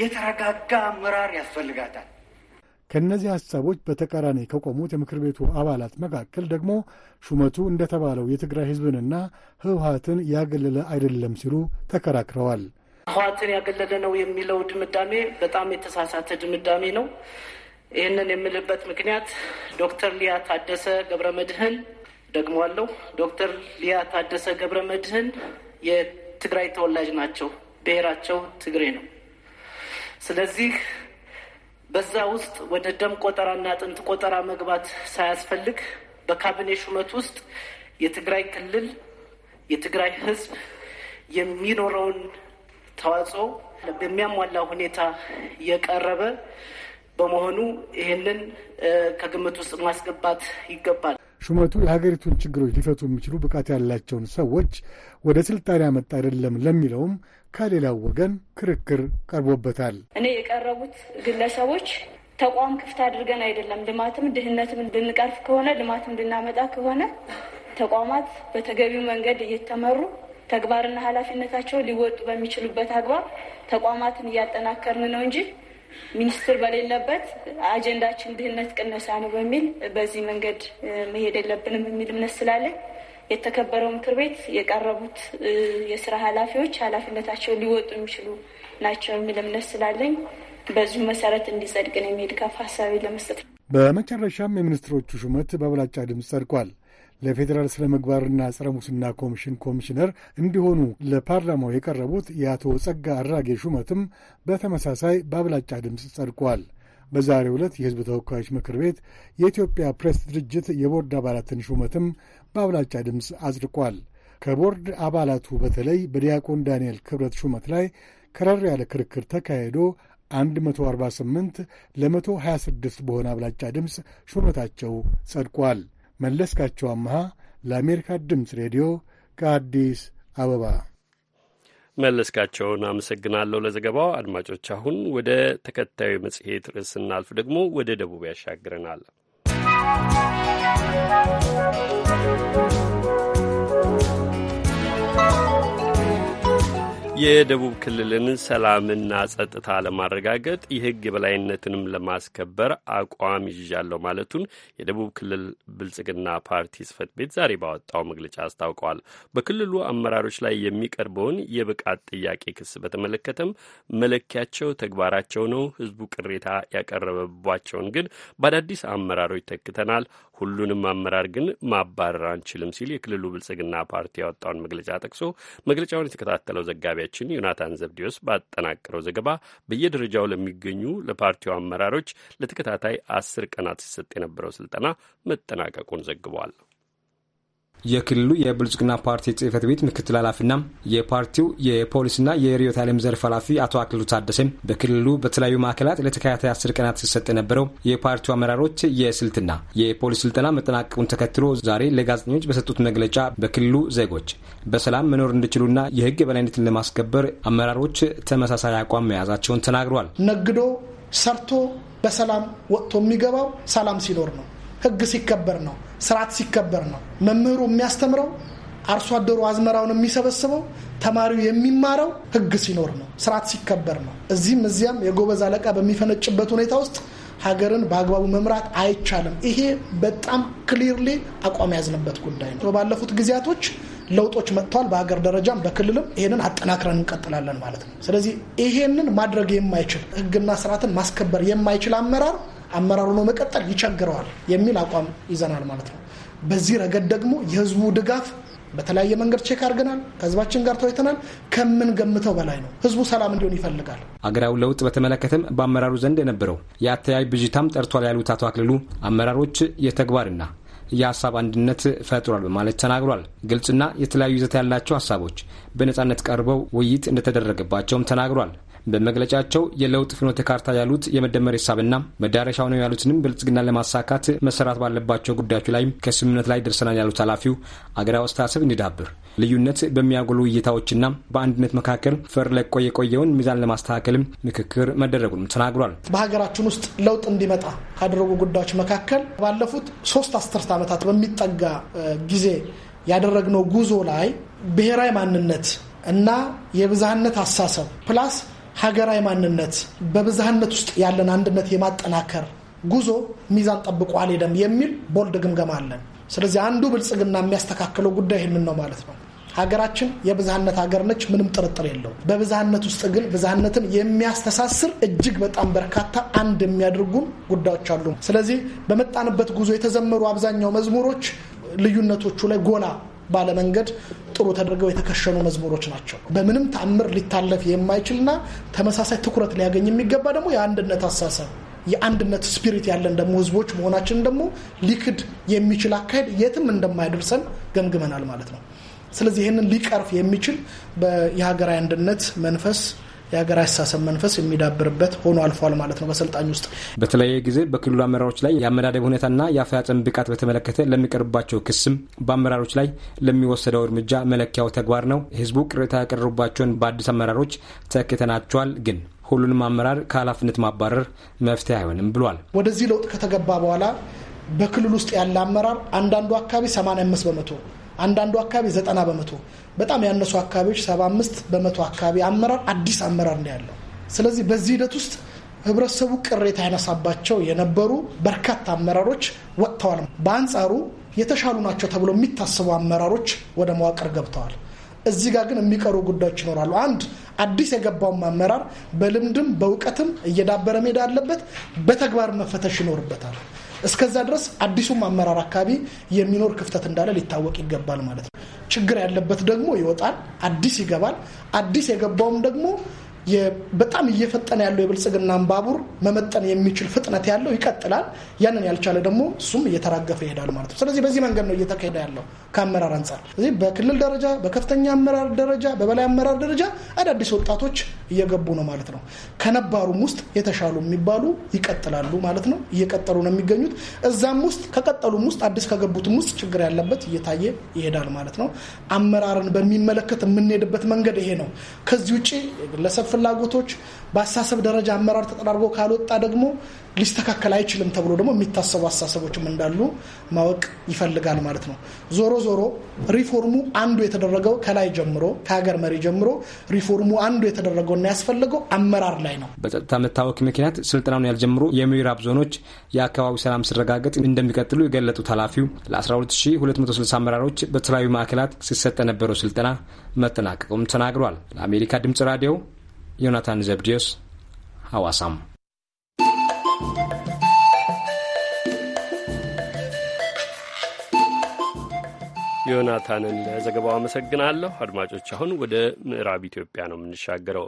የተረጋጋ አመራር ያስፈልጋታል። ከእነዚህ ሀሳቦች በተቃራኒ ከቆሙት የምክር ቤቱ አባላት መካከል ደግሞ ሹመቱ እንደተባለው የትግራይ ሕዝብንና ህወሀትን ያገለለ አይደለም ሲሉ ተከራክረዋል። ህወሀትን ያገለለ ነው የሚለው ድምዳሜ በጣም የተሳሳተ ድምዳሜ ነው። ይህንን የምልበት ምክንያት ዶክተር ሊያ ታደሰ ገብረ መድህን ደግሟለሁ። ዶክተር ሊያ ታደሰ ገብረ መድህን የትግራይ ተወላጅ ናቸው። ብሔራቸው ትግሬ ነው። ስለዚህ በዛ ውስጥ ወደ ደም ቆጠራና አጥንት ቆጠራ መግባት ሳያስፈልግ በካቢኔ ሹመት ውስጥ የትግራይ ክልል የትግራይ ሕዝብ የሚኖረውን ተዋጽኦ በሚያሟላ ሁኔታ የቀረበ በመሆኑ ይህንን ከግምት ውስጥ ማስገባት ይገባል። ሹመቱ የሀገሪቱን ችግሮች ሊፈቱ የሚችሉ ብቃት ያላቸውን ሰዎች ወደ ስልጣን ያመጣ አይደለም ለሚለውም ከሌላው ወገን ክርክር ቀርቦበታል። እኔ የቀረቡት ግለሰቦች ተቋም ክፍት አድርገን አይደለም ልማትም ድህነትም እንድንቀርፍ ከሆነ ልማትም እንድናመጣ ከሆነ ተቋማት በተገቢው መንገድ እየተመሩ ተግባርና ኃላፊነታቸው ሊወጡ በሚችሉበት አግባብ ተቋማትን እያጠናከርን ነው እንጂ ሚኒስትር በሌለበት አጀንዳችን ድህነት ቅነሳ ነው በሚል በዚህ መንገድ መሄድ የለብንም የሚል እምነት ስላለን የተከበረው ምክር ቤት የቀረቡት የስራ ኃላፊዎች ኃላፊነታቸውን ሊወጡ የሚችሉ ናቸው የሚል እምነት ስላለኝ በዚሁ መሰረት እንዲጸድቅን የሚሄድ ከፍ ሀሳቤ ለመስጠት ነው። በመጨረሻም የሚኒስትሮቹ ሹመት በአብላጫ ድምፅ ጸድቋል። ለፌዴራል ስነ ምግባርና ጸረ ሙስና ኮሚሽን ኮሚሽነር እንዲሆኑ ለፓርላማው የቀረቡት የአቶ ጸጋ አራጌ ሹመትም በተመሳሳይ በአብላጫ ድምፅ ጸድቋል። በዛሬ ዕለት የሕዝብ ተወካዮች ምክር ቤት የኢትዮጵያ ፕሬስ ድርጅት የቦርድ አባላትን ሹመትም በአብላጫ ድምፅ አጽድቋል። ከቦርድ አባላቱ በተለይ በዲያቆን ዳንኤል ክብረት ሹመት ላይ ከረር ያለ ክርክር ተካሂዶ 148 ለ126 በሆነ አብላጫ ድምፅ ሹመታቸው ጸድቋል። መለስካቸው አመሃ ለአሜሪካ ድምፅ ሬዲዮ ከአዲስ አበባ። መለስካቸውን አመሰግናለሁ ለዘገባው። አድማጮች፣ አሁን ወደ ተከታዩ መጽሔት ርዕስ ስናልፍ ደግሞ ወደ ደቡብ ያሻግረናል። የደቡብ ክልልን ሰላምና ጸጥታ ለማረጋገጥ የሕግ የበላይነትንም ለማስከበር አቋም ይዣለሁ ማለቱን የደቡብ ክልል ብልጽግና ፓርቲ ጽህፈት ቤት ዛሬ ባወጣው መግለጫ አስታውቀዋል። በክልሉ አመራሮች ላይ የሚቀርበውን የብቃት ጥያቄ ክስ በተመለከተም መለኪያቸው ተግባራቸው ነው፣ ህዝቡ ቅሬታ ያቀረበባቸውን ግን በአዳዲስ አመራሮች ተክተናል፣ ሁሉንም አመራር ግን ማባረር አንችልም ሲል የክልሉ ብልጽግና ፓርቲ ያወጣውን መግለጫ ጠቅሶ መግለጫውን የተከታተለው ዘጋቢያ ዘጋቢያችን ዮናታን ዘብዲዮስ ባጠናቀረው ዘገባ በየደረጃው ለሚገኙ ለፓርቲው አመራሮች ለተከታታይ አስር ቀናት ሲሰጥ የነበረው ስልጠና መጠናቀቁን ዘግቧል። የክልሉ የብልጽግና ፓርቲ ጽህፈት ቤት ምክትል ኃላፊና የፓርቲው የፖሊስና የርዕዮተ ዓለም ዘርፍ ኃላፊ አቶ አክሉ ታደሰም በክልሉ በተለያዩ ማዕከላት ለተከታታይ አስር ቀናት ሲሰጥ የነበረው የፓርቲው አመራሮች የስልትና የፖሊስ ስልጠና መጠናቀቁን ተከትሎ ዛሬ ለጋዜጠኞች በሰጡት መግለጫ በክልሉ ዜጎች በሰላም መኖር እንዲችሉና የህግ የበላይነትን ለማስከበር አመራሮች ተመሳሳይ አቋም መያዛቸውን ተናግረዋል። ነግዶ ሰርቶ በሰላም ወጥቶ የሚገባው ሰላም ሲኖር ነው፣ ህግ ሲከበር ነው ስርዓት ሲከበር ነው። መምህሩ የሚያስተምረው፣ አርሶ አደሩ አዝመራውን የሚሰበስበው፣ ተማሪው የሚማረው ህግ ሲኖር ነው፣ ስርዓት ሲከበር ነው። እዚህም እዚያም የጎበዝ አለቃ በሚፈነጭበት ሁኔታ ውስጥ ሀገርን በአግባቡ መምራት አይቻልም። ይሄ በጣም ክሊርሊ አቋም ያዝንበት ጉዳይ ነው። ባለፉት ጊዜያቶች ለውጦች መጥተዋል። በሀገር ደረጃም በክልልም ይሄንን አጠናክረን እንቀጥላለን ማለት ነው። ስለዚህ ይሄንን ማድረግ የማይችል ህግና ስርዓትን ማስከበር የማይችል አመራር አመራሩ ነው መቀጠል ይቸግረዋል የሚል አቋም ይዘናል ማለት ነው። በዚህ ረገድ ደግሞ የህዝቡ ድጋፍ በተለያየ መንገድ ቼክ አድርገናል። ከህዝባችን ጋር ተወያይተናል። ከምንገምተው በላይ ነው። ህዝቡ ሰላም እንዲሆን ይፈልጋል። አገራዊ ለውጥ በተመለከተም በአመራሩ ዘንድ የነበረው የአተያይ ብዥታም ጠርቷል ያሉት አቶ አክልሉ አመራሮች የተግባርና የሀሳብ አንድነት ፈጥሯል በማለት ተናግሯል። ግልጽና የተለያዩ ይዘት ያላቸው ሀሳቦች በነጻነት ቀርበው ውይይት እንደተደረገባቸውም ተናግሯል። በመግለጫቸው የለውጥ ፍኖተ ካርታ ያሉት የመደመር ሂሳብና መዳረሻው ነው ያሉትንም ብልጽግና ለማሳካት መሰራት ባለባቸው ጉዳዮች ላይ ከስምምነት ላይ ደርሰናል ያሉት ኃላፊው አገራዊ አስተሳሰብ እንዲዳብር ልዩነት በሚያጎሉ እይታዎችና በአንድነት መካከል ፈር ለቆ የቆየውን ሚዛን ለማስተካከልም ምክክር መደረጉንም ተናግሯል። በሀገራችን ውስጥ ለውጥ እንዲመጣ ካደረጉ ጉዳዮች መካከል ባለፉት ሶስት አስርት ዓመታት በሚጠጋ ጊዜ ያደረግነው ጉዞ ላይ ብሔራዊ ማንነት እና የብዝሃነት አሳሰብ ፕላስ ሀገራዊ ማንነት በብዝሃነት ውስጥ ያለን አንድነት የማጠናከር ጉዞ ሚዛን ጠብቆ አልሄደም የሚል ቦልድ ግምገማ አለን። ስለዚህ አንዱ ብልጽግና የሚያስተካክለው ጉዳይ ይህንን ነው ማለት ነው። ሀገራችን የብዝሃነት ሀገር ነች፣ ምንም ጥርጥር የለው። በብዝሃነት ውስጥ ግን ብዝሃነትን የሚያስተሳስር እጅግ በጣም በርካታ አንድ የሚያደርጉን ጉዳዮች አሉ። ስለዚህ በመጣንበት ጉዞ የተዘመሩ አብዛኛው መዝሙሮች ልዩነቶቹ ላይ ጎላ ባለመንገድ ጥሩ ተደርገው የተከሸኑ መዝሙሮች ናቸው። በምንም ተአምር ሊታለፍ የማይችልና ተመሳሳይ ትኩረት ሊያገኝ የሚገባ ደግሞ የአንድነት አሳሰብ የአንድነት ስፒሪት ያለን ደግሞ ህዝቦች መሆናችንን ደግሞ ሊክድ የሚችል አካሄድ የትም እንደማይደርሰን ገምግመናል ማለት ነው። ስለዚህ ይህንን ሊቀርፍ የሚችል የሀገራዊ አንድነት መንፈስ የሀገር አስተሳሰብ መንፈስ የሚዳብርበት ሆኖ አልፏል ማለት ነው በሰልጣኝ ውስጥ። በተለያየ ጊዜ በክልሉ አመራሮች ላይ የአመዳደብ ሁኔታና የአፈጻጸም ብቃት በተመለከተ ለሚቀርባቸው ክስም በአመራሮች ላይ ለሚወሰደው እርምጃ መለኪያው ተግባር ነው። ህዝቡ ቅሬታ ያቀረቡባቸውን በአዲስ አመራሮች ተክተናቸዋል ግን ሁሉንም አመራር ከኃላፊነት ማባረር መፍትሄ አይሆንም ብሏል። ወደዚህ ለውጥ ከተገባ በኋላ በክልል ውስጥ ያለ አመራር አንዳንዱ አካባቢ 85 በመቶ አንዳንዱ አካባቢ ዘጠና በመቶ በጣም ያነሱ አካባቢዎች ሰባ አምስት በመቶ አካባቢ አመራር አዲስ አመራር ነው ያለው። ስለዚህ በዚህ ሂደት ውስጥ ህብረተሰቡ ቅሬታ ያነሳባቸው የነበሩ በርካታ አመራሮች ወጥተዋል። በአንጻሩ የተሻሉ ናቸው ተብሎ የሚታሰቡ አመራሮች ወደ መዋቅር ገብተዋል። እዚህ ጋር ግን የሚቀሩ ጉዳዮች ይኖራሉ። አንድ አዲስ የገባውም አመራር በልምድም በእውቀትም እየዳበረ መሄድ አለበት። በተግባር መፈተሽ ይኖርበታል። እስከዛ ድረስ አዲሱም አመራር አካባቢ የሚኖር ክፍተት እንዳለ ሊታወቅ ይገባል ማለት ነው። ችግር ያለበት ደግሞ ይወጣል፣ አዲስ ይገባል። አዲስ የገባውም ደግሞ በጣም እየፈጠነ ያለው የብልጽግናን ባቡር መመጠን የሚችል ፍጥነት ያለው ይቀጥላል። ያንን ያልቻለ ደግሞ እሱም እየተራገፈ ይሄዳል ማለት ነው። ስለዚህ በዚህ መንገድ ነው እየተካሄደ ያለው ከአመራር አንጻር። ስለዚህ በክልል ደረጃ፣ በከፍተኛ አመራር ደረጃ፣ በበላይ አመራር ደረጃ አዳዲስ ወጣቶች እየገቡ ነው ማለት ነው። ከነባሩም ውስጥ የተሻሉ የሚባሉ ይቀጥላሉ ማለት ነው። እየቀጠሉ ነው የሚገኙት። እዛም ውስጥ ከቀጠሉም ውስጥ አዲስ ከገቡትም ውስጥ ችግር ያለበት እየታየ ይሄዳል ማለት ነው። አመራርን በሚመለከት የምንሄድበት መንገድ ይሄ ነው። ከዚህ ውጭ ለሰብ ፍላጎቶች በአሳሰብ ደረጃ አመራር ተጠራርጎ ካልወጣ ደግሞ ሊስተካከል አይችልም ተብሎ ደግሞ የሚታሰቡ አሳሰቦችም እንዳሉ ማወቅ ይፈልጋል ማለት ነው። ዞሮ ዞሮ ሪፎርሙ አንዱ የተደረገው ከላይ ጀምሮ ከሀገር መሪ ጀምሮ ሪፎርሙ አንዱ የተደረገውና ያስፈለገው አመራር ላይ ነው። በጸጥታ መታወክ ምክንያት ስልጠናውን ያልጀምሩ የምዕራብ ዞኖች የአካባቢው ሰላም ሲረጋገጥ እንደሚቀጥሉ የገለጡት ኃላፊው ለ12260 አመራሮች በተለያዩ ማዕከላት ሲሰጥ የነበረው ስልጠና መጠናቀቁም ተናግሯል። ለአሜሪካ ድምጽ ራዲዮ ዮናታን ዘብዲዮስ ሐዋሳም ዮናታንን ለዘገባው አመሰግናለሁ። አድማጮች አሁን ወደ ምዕራብ ኢትዮጵያ ነው የምንሻገረው።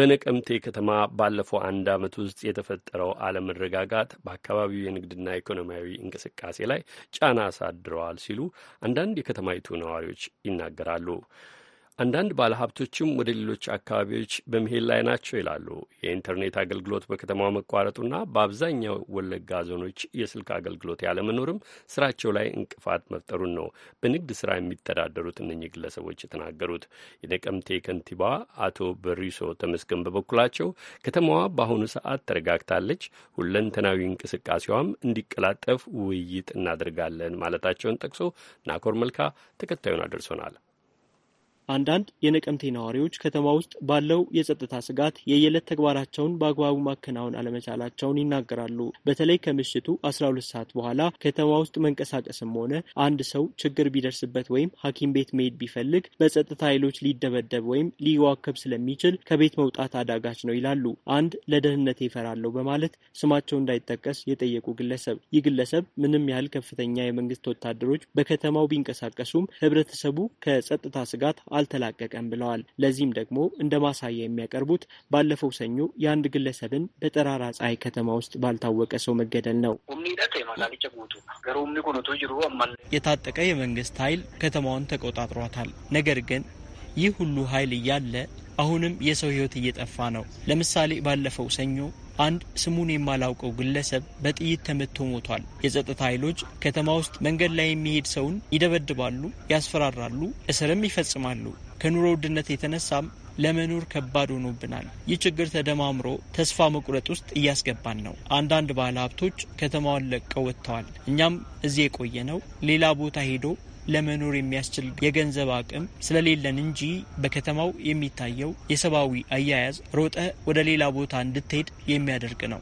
በነቀምቴ ከተማ ባለፈው አንድ ዓመት ውስጥ የተፈጠረው አለመረጋጋት በአካባቢው የንግድና ኢኮኖሚያዊ እንቅስቃሴ ላይ ጫና አሳድረዋል ሲሉ አንዳንድ የከተማይቱ ነዋሪዎች ይናገራሉ። አንዳንድ ባለሀብቶችም ወደ ሌሎች አካባቢዎች በመሄድ ላይ ናቸው ይላሉ። የኢንተርኔት አገልግሎት በከተማው መቋረጡና በአብዛኛው ወለጋ ዞኖች የስልክ አገልግሎት ያለመኖርም ስራቸው ላይ እንቅፋት መፍጠሩን ነው በንግድ ስራ የሚተዳደሩት እነኚህ ግለሰቦች የተናገሩት። የነቀምቴ ከንቲባ አቶ በሪሶ ተመስገን በበኩላቸው ከተማዋ በአሁኑ ሰዓት ተረጋግታለች፣ ሁለንተናዊ እንቅስቃሴዋም እንዲቀላጠፍ ውይይት እናደርጋለን ማለታቸውን ጠቅሶ ናኮር መልካ ተከታዩን አድርሶናል። አንዳንድ የነቀምቴ ነዋሪዎች ከተማ ውስጥ ባለው የጸጥታ ስጋት የየዕለት ተግባራቸውን በአግባቡ ማከናወን አለመቻላቸውን ይናገራሉ። በተለይ ከምሽቱ 12 ሰዓት በኋላ ከተማ ውስጥ መንቀሳቀስም ሆነ አንድ ሰው ችግር ቢደርስበት ወይም ሐኪም ቤት መሄድ ቢፈልግ በጸጥታ ኃይሎች ሊደበደብ ወይም ሊዋከብ ስለሚችል ከቤት መውጣት አዳጋች ነው ይላሉ አንድ ለደህንነት ይፈራለሁ በማለት ስማቸው እንዳይጠቀስ የጠየቁ ግለሰብ። ይህ ግለሰብ ምንም ያህል ከፍተኛ የመንግስት ወታደሮች በከተማው ቢንቀሳቀሱም ህብረተሰቡ ከጸጥታ ስጋት አልተላቀቀም ብለዋል። ለዚህም ደግሞ እንደ ማሳያ የሚያቀርቡት ባለፈው ሰኞ የአንድ ግለሰብን በጠራራ ፀሐይ ከተማ ውስጥ ባልታወቀ ሰው መገደል ነው። የታጠቀ የመንግስት ኃይል ከተማውን ተቆጣጥሯታል። ነገር ግን ይህ ሁሉ ኃይል እያለ አሁንም የሰው ህይወት እየጠፋ ነው። ለምሳሌ ባለፈው ሰኞ አንድ ስሙን የማላውቀው ግለሰብ በጥይት ተመቶ ሞቷል። የጸጥታ ኃይሎች ከተማ ውስጥ መንገድ ላይ የሚሄድ ሰውን ይደበድባሉ፣ ያስፈራራሉ፣ እስርም ይፈጽማሉ። ከኑሮ ውድነት የተነሳም ለመኖር ከባድ ሆኖብናል። ይህ ችግር ተደማምሮ ተስፋ መቁረጥ ውስጥ እያስገባን ነው። አንዳንድ ባለ ሀብቶች ከተማዋን ለቀው ወጥተዋል። እኛም እዚህ የቆየ ነው ሌላ ቦታ ሄዶ ለመኖር የሚያስችል የገንዘብ አቅም ስለሌለን እንጂ በከተማው የሚታየው የሰብአዊ አያያዝ ሮጠ ወደ ሌላ ቦታ እንድትሄድ የሚያደርግ ነው።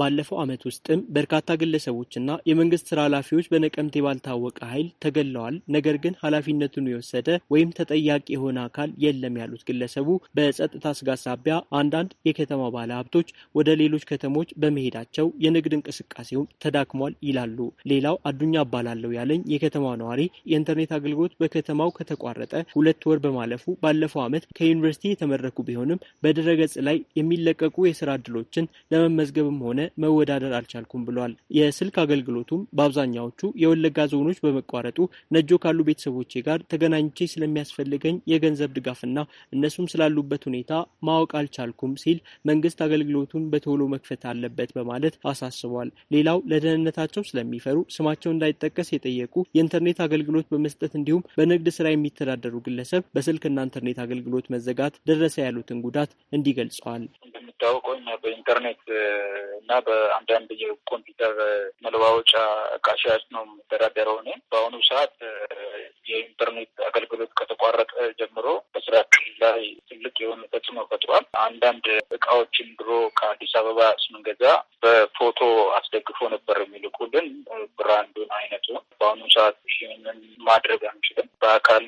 ባለፈው ዓመት ውስጥም በርካታ ግለሰቦችና የመንግስት ስራ ኃላፊዎች በነቀምቴ ባልታወቀ ኃይል ተገለዋል። ነገር ግን ኃላፊነቱን የወሰደ ወይም ተጠያቂ የሆነ አካል የለም ያሉት ግለሰቡ በጸጥታ ስጋት ሳቢያ አንዳንድ የከተማ ባለ ሀብቶች ወደ ሌሎች ከተሞች በመሄዳቸው የንግድ እንቅስቃሴውን ተዳክሟል ይላሉ። ሌላው አዱኛ እባላለሁ ያለኝ የከተማ ነዋሪ የኢንተርኔት አገልግሎት በከተማው ከተቋረጠ ሁለት ወር በማለፉ ባለፈው ዓመት ከዩኒቨርሲቲ የተመረኩ ቢሆንም በድረገጽ ላይ የሚለቀቁ የስራ እድሎችን ለመመዝገብም ሆነ መወዳደር አልቻልኩም ብሏል። የስልክ አገልግሎቱም በአብዛኛዎቹ የወለጋ ዞኖች በመቋረጡ ነጆ ካሉ ቤተሰቦቼ ጋር ተገናኝቼ ስለሚያስፈልገኝ የገንዘብ ድጋፍና እነሱም ስላሉበት ሁኔታ ማወቅ አልቻልኩም ሲል መንግስት አገልግሎቱን በቶሎ መክፈት አለበት በማለት አሳስቧል። ሌላው ለደህንነታቸው ስለሚፈሩ ስማቸው እንዳይጠቀስ የጠየቁ የኢንተርኔት አገልግሎት በመስጠት እንዲሁም በንግድ ስራ የሚተዳደሩ ግለሰብ በስልክና ኢንተርኔት አገልግሎት መዘጋት ደረሰ ያሉትን ጉዳት እንዲገልጸዋል። እንደሚታወቀው እኛ በኢንተርኔት እና በአንዳንድ የኮምፒውተር መለዋወጫ እቃ ሽያጭ ነው የምተዳደረው። እኔ በአሁኑ ሰዓት የኢንተርኔት አገልግሎት ከተቋረጠ ጀምሮ በስራችን ላይ ትልቅ የሆነ ተጽዕኖ ፈጥሯል። አንዳንድ እቃዎችን ድሮ ከአዲስ አበባ ስንገዛ በፎቶ አስደግፎ ነበር የሚልኩልን ብራንዱን፣ አይነቱን። በአሁኑ ሰዓት ይህንን ማድረግ አንችልም። በአካል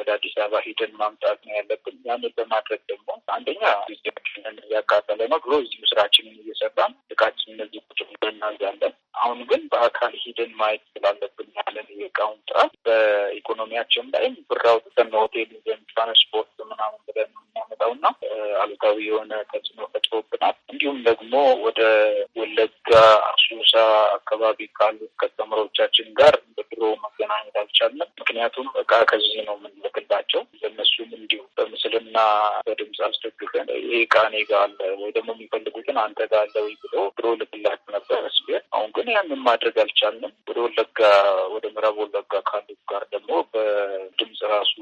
ወደ አዲስ አበባ ሂደን ማምጣት ነው ያለብን። ያንን በማድረግ ደግሞ አንደኛ ጊዜያችንን እያቃጠለ ነው። ድሮ እንደዚሁ ስራችንን እየሰራን ልቃችን እነዚህ ቁጭ እናዛለን። አሁን ግን በአካል ሂደን ማየት ስላለብን ያለን የእቃውን ጥራት በኢኮኖሚያችን ላይም ብራው አውጥተን ሆቴል ዘን ትራንስፖርት ምናምን ብለን የሚያመጣው የምናመጣውና አሉታዊ የሆነ ተጽዕኖ ፈጥሮብናል። እንዲሁም ደግሞ ወደ ወለጋ አሱሳ አካባቢ ካሉት ከስተመሮቻችን ጋር በድሮ መገናኘት አልቻለም። ምክንያቱም እቃ ከዚህ ነው የምንልክላቸው። ለእነሱም እንዲሁ በምስልና በድምፅ አስደግፈን ይህ እቃ እኔ ጋ አለ ወይ ደግሞ የሚፈ የሚፈልጉትን አንተ ጋር አለው ብሎ ብሮ ልክላክ ነበር ሲል አሁን ግን ያንን ማድረግ አልቻልንም። ወደ ወለጋ ወደ ምዕራብ ወለጋ ካሉት ጋር ደግሞ በድምፅ ራሱ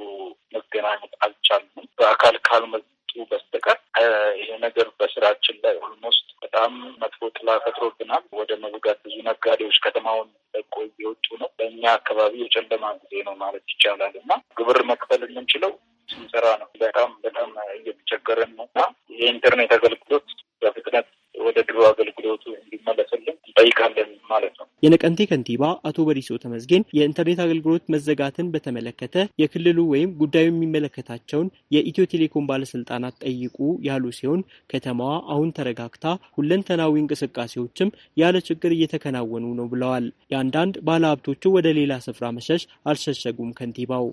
መገናኘት አልቻልንም። በአካል ካልመጡ በስተቀር ይሄ ነገር በስራችን ላይ ኦልሞስት በጣም መጥፎ ጥላ ፈጥሮብናል። ወደ መዝጋት ብዙ ነጋዴዎች ከተማውን ለቆ እየወጡ ነው። በእኛ አካባቢ የጨለማ ጊዜ ነው ማለት ይቻላል እና ግብር መክፈል የምንችለው ስንሰራ ነው። በጣም በጣም እየተቸገረን ነው እና የኢንተርኔት አገልግሎት ህይወቱ እንዲመለስልን እንጠይቃለን። የነቀንቴ ከንቲባ አቶ በሪሶ ተመዝጌን የኢንተርኔት አገልግሎት መዘጋትን በተመለከተ የክልሉ ወይም ጉዳዩ የሚመለከታቸውን የኢትዮ ቴሌኮም ባለስልጣናት ጠይቁ ያሉ ሲሆን ከተማዋ አሁን ተረጋግታ ሁለንተናዊ እንቅስቃሴዎችም ያለ ችግር እየተከናወኑ ነው ብለዋል። የአንዳንድ ባለሀብቶቹ ወደ ሌላ ስፍራ መሸሽ አልሸሸጉም። ከንቲባው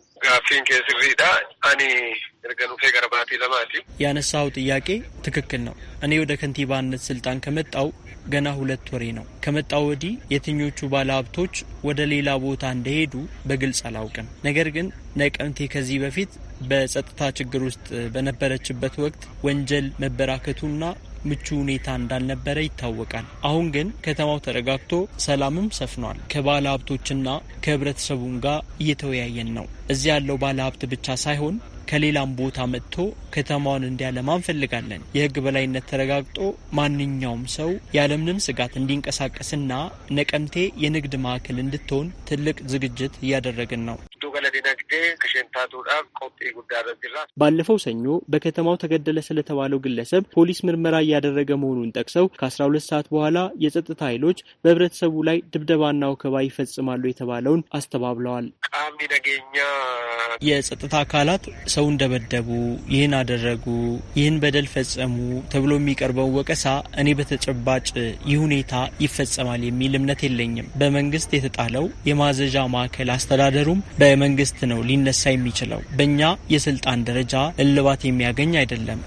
ያነሳው ጥያቄ ትክክል ነው። እኔ ወደ ከንቲባነት ስልጣን ከመጣው ገና ሁለት ወሬ ነው። ከመጣው ወዲህ የትኛ አብዛኞቹ ባለሀብቶች ወደ ሌላ ቦታ እንደሄዱ በግልጽ አላውቅም። ነገር ግን ነቀምቴ ከዚህ በፊት በጸጥታ ችግር ውስጥ በነበረችበት ወቅት ወንጀል መበራከቱና ምቹ ሁኔታ እንዳልነበረ ይታወቃል። አሁን ግን ከተማው ተረጋግቶ ሰላምም ሰፍኗል። ከባለ ሀብቶችና ከህብረተሰቡም ጋር እየተወያየን ነው። እዚህ ያለው ባለ ሀብት ብቻ ሳይሆን ከሌላም ቦታ መጥቶ ከተማዋን እንዲያለማ እንፈልጋለን። የህግ በላይነት ተረጋግጦ ማንኛውም ሰው ያለምንም ስጋት እንዲንቀሳቀስና ነቀምቴ የንግድ ማዕከል እንድትሆን ትልቅ ዝግጅት እያደረግን ነው። ባለፈው ሰኞ በከተማው ተገደለ ስለተባለው ግለሰብ ፖሊስ ምርመራ እያደረገ መሆኑን ጠቅሰው ከ12 ሰዓት በኋላ የጸጥታ ኃይሎች በህብረተሰቡ ላይ ድብደባና ወከባ ይፈጽማሉ የተባለውን አስተባብለዋል። የጸጥታ አካላት ሰው እንደበደቡ፣ ይህን አደረጉ፣ ይህን በደል ፈጸሙ ተብሎ የሚቀርበው ወቀሳ እኔ በተጨባጭ ይህ ሁኔታ ይፈጸማል የሚል እምነት የለኝም። በመንግስት የተጣለው የማዘዣ ማዕከል አስተዳደሩም በመንግስት ነው ሊነሳ የሚችለው በእኛ የስልጣን ደረጃ እልባት የሚያገኝ አይደለም።